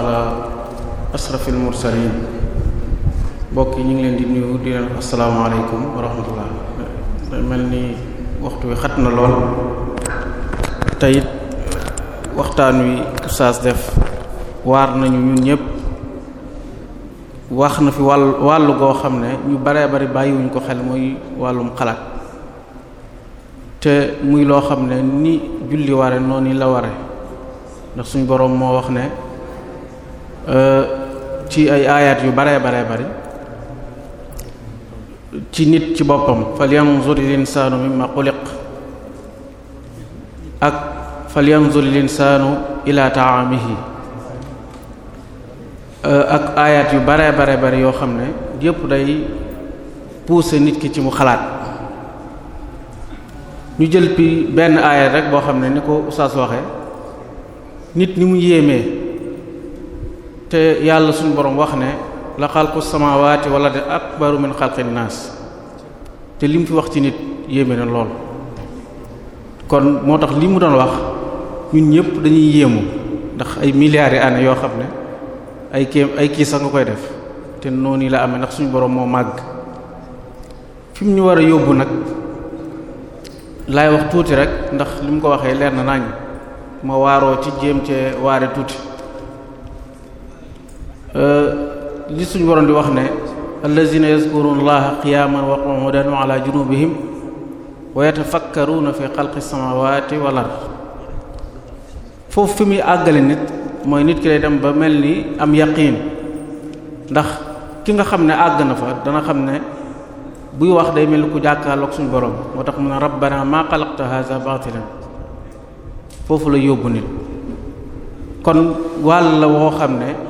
[SPEAKER 4] mbokk yi ñu ngi leen di nuyu di leen asalaamaaleykum wa rahmatullah mel ni waxtu wi xat na lool tey waxtaan wi oustaz def waar nañu ñun ñëpp wax na fi wàll wàllu goo xam ne ñu baree bari bàyyiwuñ ko xel mooy wàllum xalaat te muy loo xam ne ni julli ware noonu la ware ndax suñu boroom moo wax ne euh, ci ay aayaat yu baree baree bari ci nit ci boppam fal yanzuril insaanu mimma xuliq ak fal yanzuril insaanu ila taamihi euh, ak ayat yu bare bare bare yoo xam ne yépp day pousser nit ki ci mu xalaat ñu jël bi benn ayat rek boo xam ne ni ko ustaas waxe nit ni mu yéemee te yàlla suñu borom wax ne la xalqu samawati wala de ak min xalqi naas te li mu fi wax ci nit yéeme na lool kon moo tax li mu doon wax ñun ñëpp dañuy yéemu ndax ay milliards yi yoo xam ne ay kii ay kii sax nga koy def te noonu yi la amee ndax suñu borom moo màgg fi mu ñu war a yóbbu nag laay wax tuuti rek ndax li mu ko waxee leer na nañ ma waaroo ci jéem cee waare tuuti. Euh, li suñu borom di wax ne allazina yazkuruna allaha qiyaman wa qu'udan wa ala junubihim wa yatafakkaruna fi xalqi samawati wal ard foofu fi muy àggale nit mooy nit ki lay dem ba mel ni am yaqiin ndax ki nga xam ne àgg na fa dana xam ne buy wax day mel ni ku jàkkaarloog suñu borom moo tax mu na rabbana ma xalaqta haza batilan foofu la yóbbu nit kon wàll la woo xam ne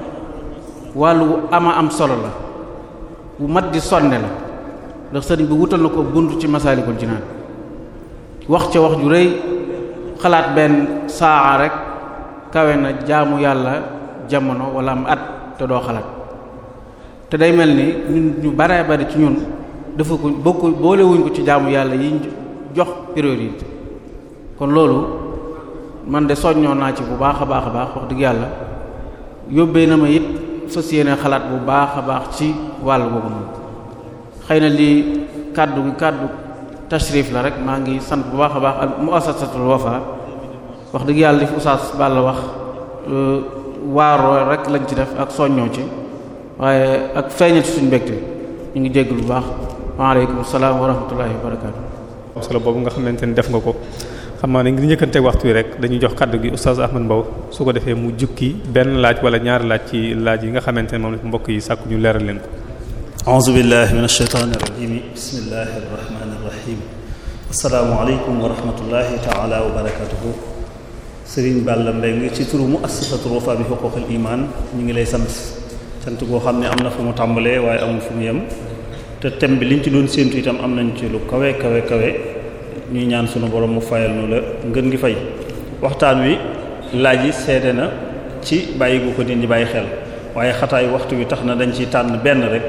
[SPEAKER 4] wàllu am a am solo la wu mat di sonne la ndax sëriñ bi wutal na ko bunt ci masaalikul jinaan wax ca wax ju rëy xalaat benn saaxa rekk kawe na jaamu yàlla jamono wala am at te doo xalaat te day mel ni ñun ñu bare bari ci ñun dafa ko bokku boolewuñ ko ci jaamu yàlla yi jox priorité kon loolu man de soññoo naa ci bu baax a baax a baax wax dëgg yàlla yóbbe na ma it fas yéene xalaat bu baax a baax ci wàll boobu noonu xëy na lii kàddu kàddu tashrif la rek maa ngi sant bu baax a baax ak muassasatul wafa wax dëgg yàlla li fi Oustaz Balla wax waaroo rek lañ ci def ak soññoo ci waaye ak feeñal ci suñu mbégte
[SPEAKER 2] ñu ngi jégg lu baax waaleykum salaam wa rahmatullahi wa barakaatu. boobu nga xamante ni def nga ko. xam naa ne ngir njëkkanteeg waxtu wi rek dañuy jox kaddu gi oustaz Ahmad Mbow su ko defee mu jukki benn laaj wala ñaari laaj ci laaj yi nga xamante ne moom la mbokk yi sàkku ñu leeral leen ko a'uuzu billahi
[SPEAKER 4] minash shaytaanir wa rahmatullahi ta'ala wa barakatuhu Serigne Balla Mbaye ngi ci turu muassasatu Wafa bi huquuqil iman ñu ngi lay sant sant koo xam ne am na fu mu tàmbalee waaye amul fu mu yem te thème bi liñ ci doon séentu itam am nañ ci lu kawe kawe kawe ñuy ñaan sunu borom mu fayal nu la ngën gi fay waxtaan wi laaj yi seete na ci bàyyi gu ko nit ñi bàyyi xel waaye xataay waxtu wi tax na dañ ci tànn benn rek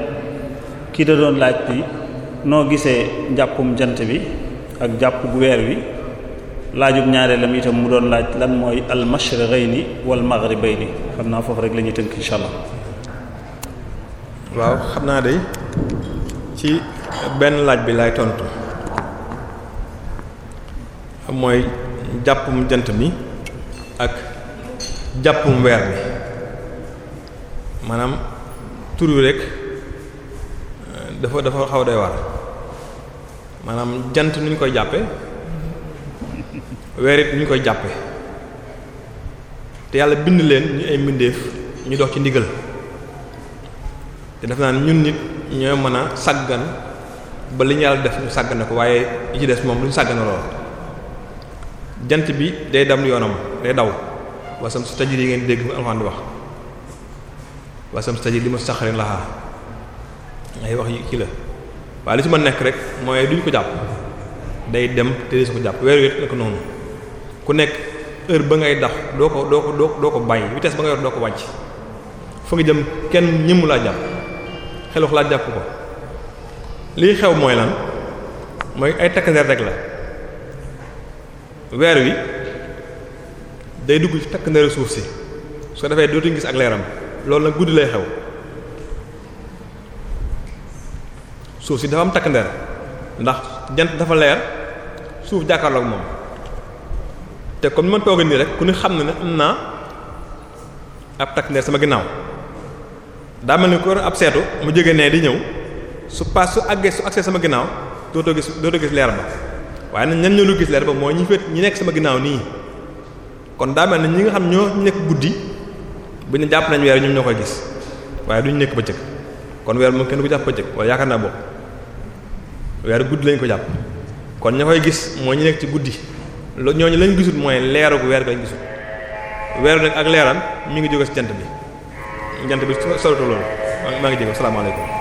[SPEAKER 4] kii da doon laaj bi noo gisee njàppum jant bi ak jàpp bu weer wi laajub ñaareelam itam mu doon laaj lan mooy al ni wal maghribayni
[SPEAKER 3] xam naa foofu rek la ñuy tënk insha allah waaw xam naa de ci benn laaj bi laay tontu mooy jàppum jant mi ak jàppum weer bi maanaam tur wi rek euh, dafa dafa xaw day war maanaam jant nu ñu koy jàppe weer it nu ñu koy jàppe te yàlla bind leen ñu ay mbindeef ñu dox ci ndigal te def naa ñun nit ñooy mën a sàggan ba li ñu yàlla def ñu sàggane ko waaye yi ci des moom lu ñu sàggane lool jant bi day dam yoonam day daw wasam su tajir yi ngeen dégg mu alxuraan di wax wasam su tajir li ma saxarin laxaa ngay wax yi kii la waaye li ci mën nekk rek mooy duñ ko jàpp day dem te su ko jàpp weer wet ko noonu ku nekk heure ba ngay dax doo ko doo ko doo ko bàyyi vitesse ba nga yor doo ko wàcc fa nga jëm kenn ñëmu laa jàpp xel wax laa jàpp ko lii xew mooy lan mooy ay takkandeer rek la weer wi day dugg ci takk ndari suuf si su ko defee dootuñu gis ak leeram loolu nag guddi lay xew suuf si dafa am takk ndar ndax jant dafa leer suuf jàkkaarloog moom te comme ni ma toog nii rek ku ne xam na ne am naa ab takk ndar sama ginnaaw daa mel ni ko ab seetu mu jóge nee di ñëw su paas su àggee su àgsee sama ginnaaw dootoo gis dootoo gis leer ba. waaye nag ñan ñoo lu gis leer ba mooy ñi féet ñi nekk sama ginnaaw nii kon daa mel ne ñi nga xam ñoo nekk guddi bu ñu jàpp nañ weer ñoom ñoo koy gis waaye duñu nekk bëccëg kon weer mu kenn du jàpp bëccëg wala yaakaar naa guddi lañ ko jàpp kon ña koy gis mooy ñu nekk ci guddi lo ñooñu lañ gisul mooy leer leeru weer lañ gisul weer nag ak leeram ñu ngi jóge ci jant bi jant bi soritu loolu maa ngi jéego salaamaaleykum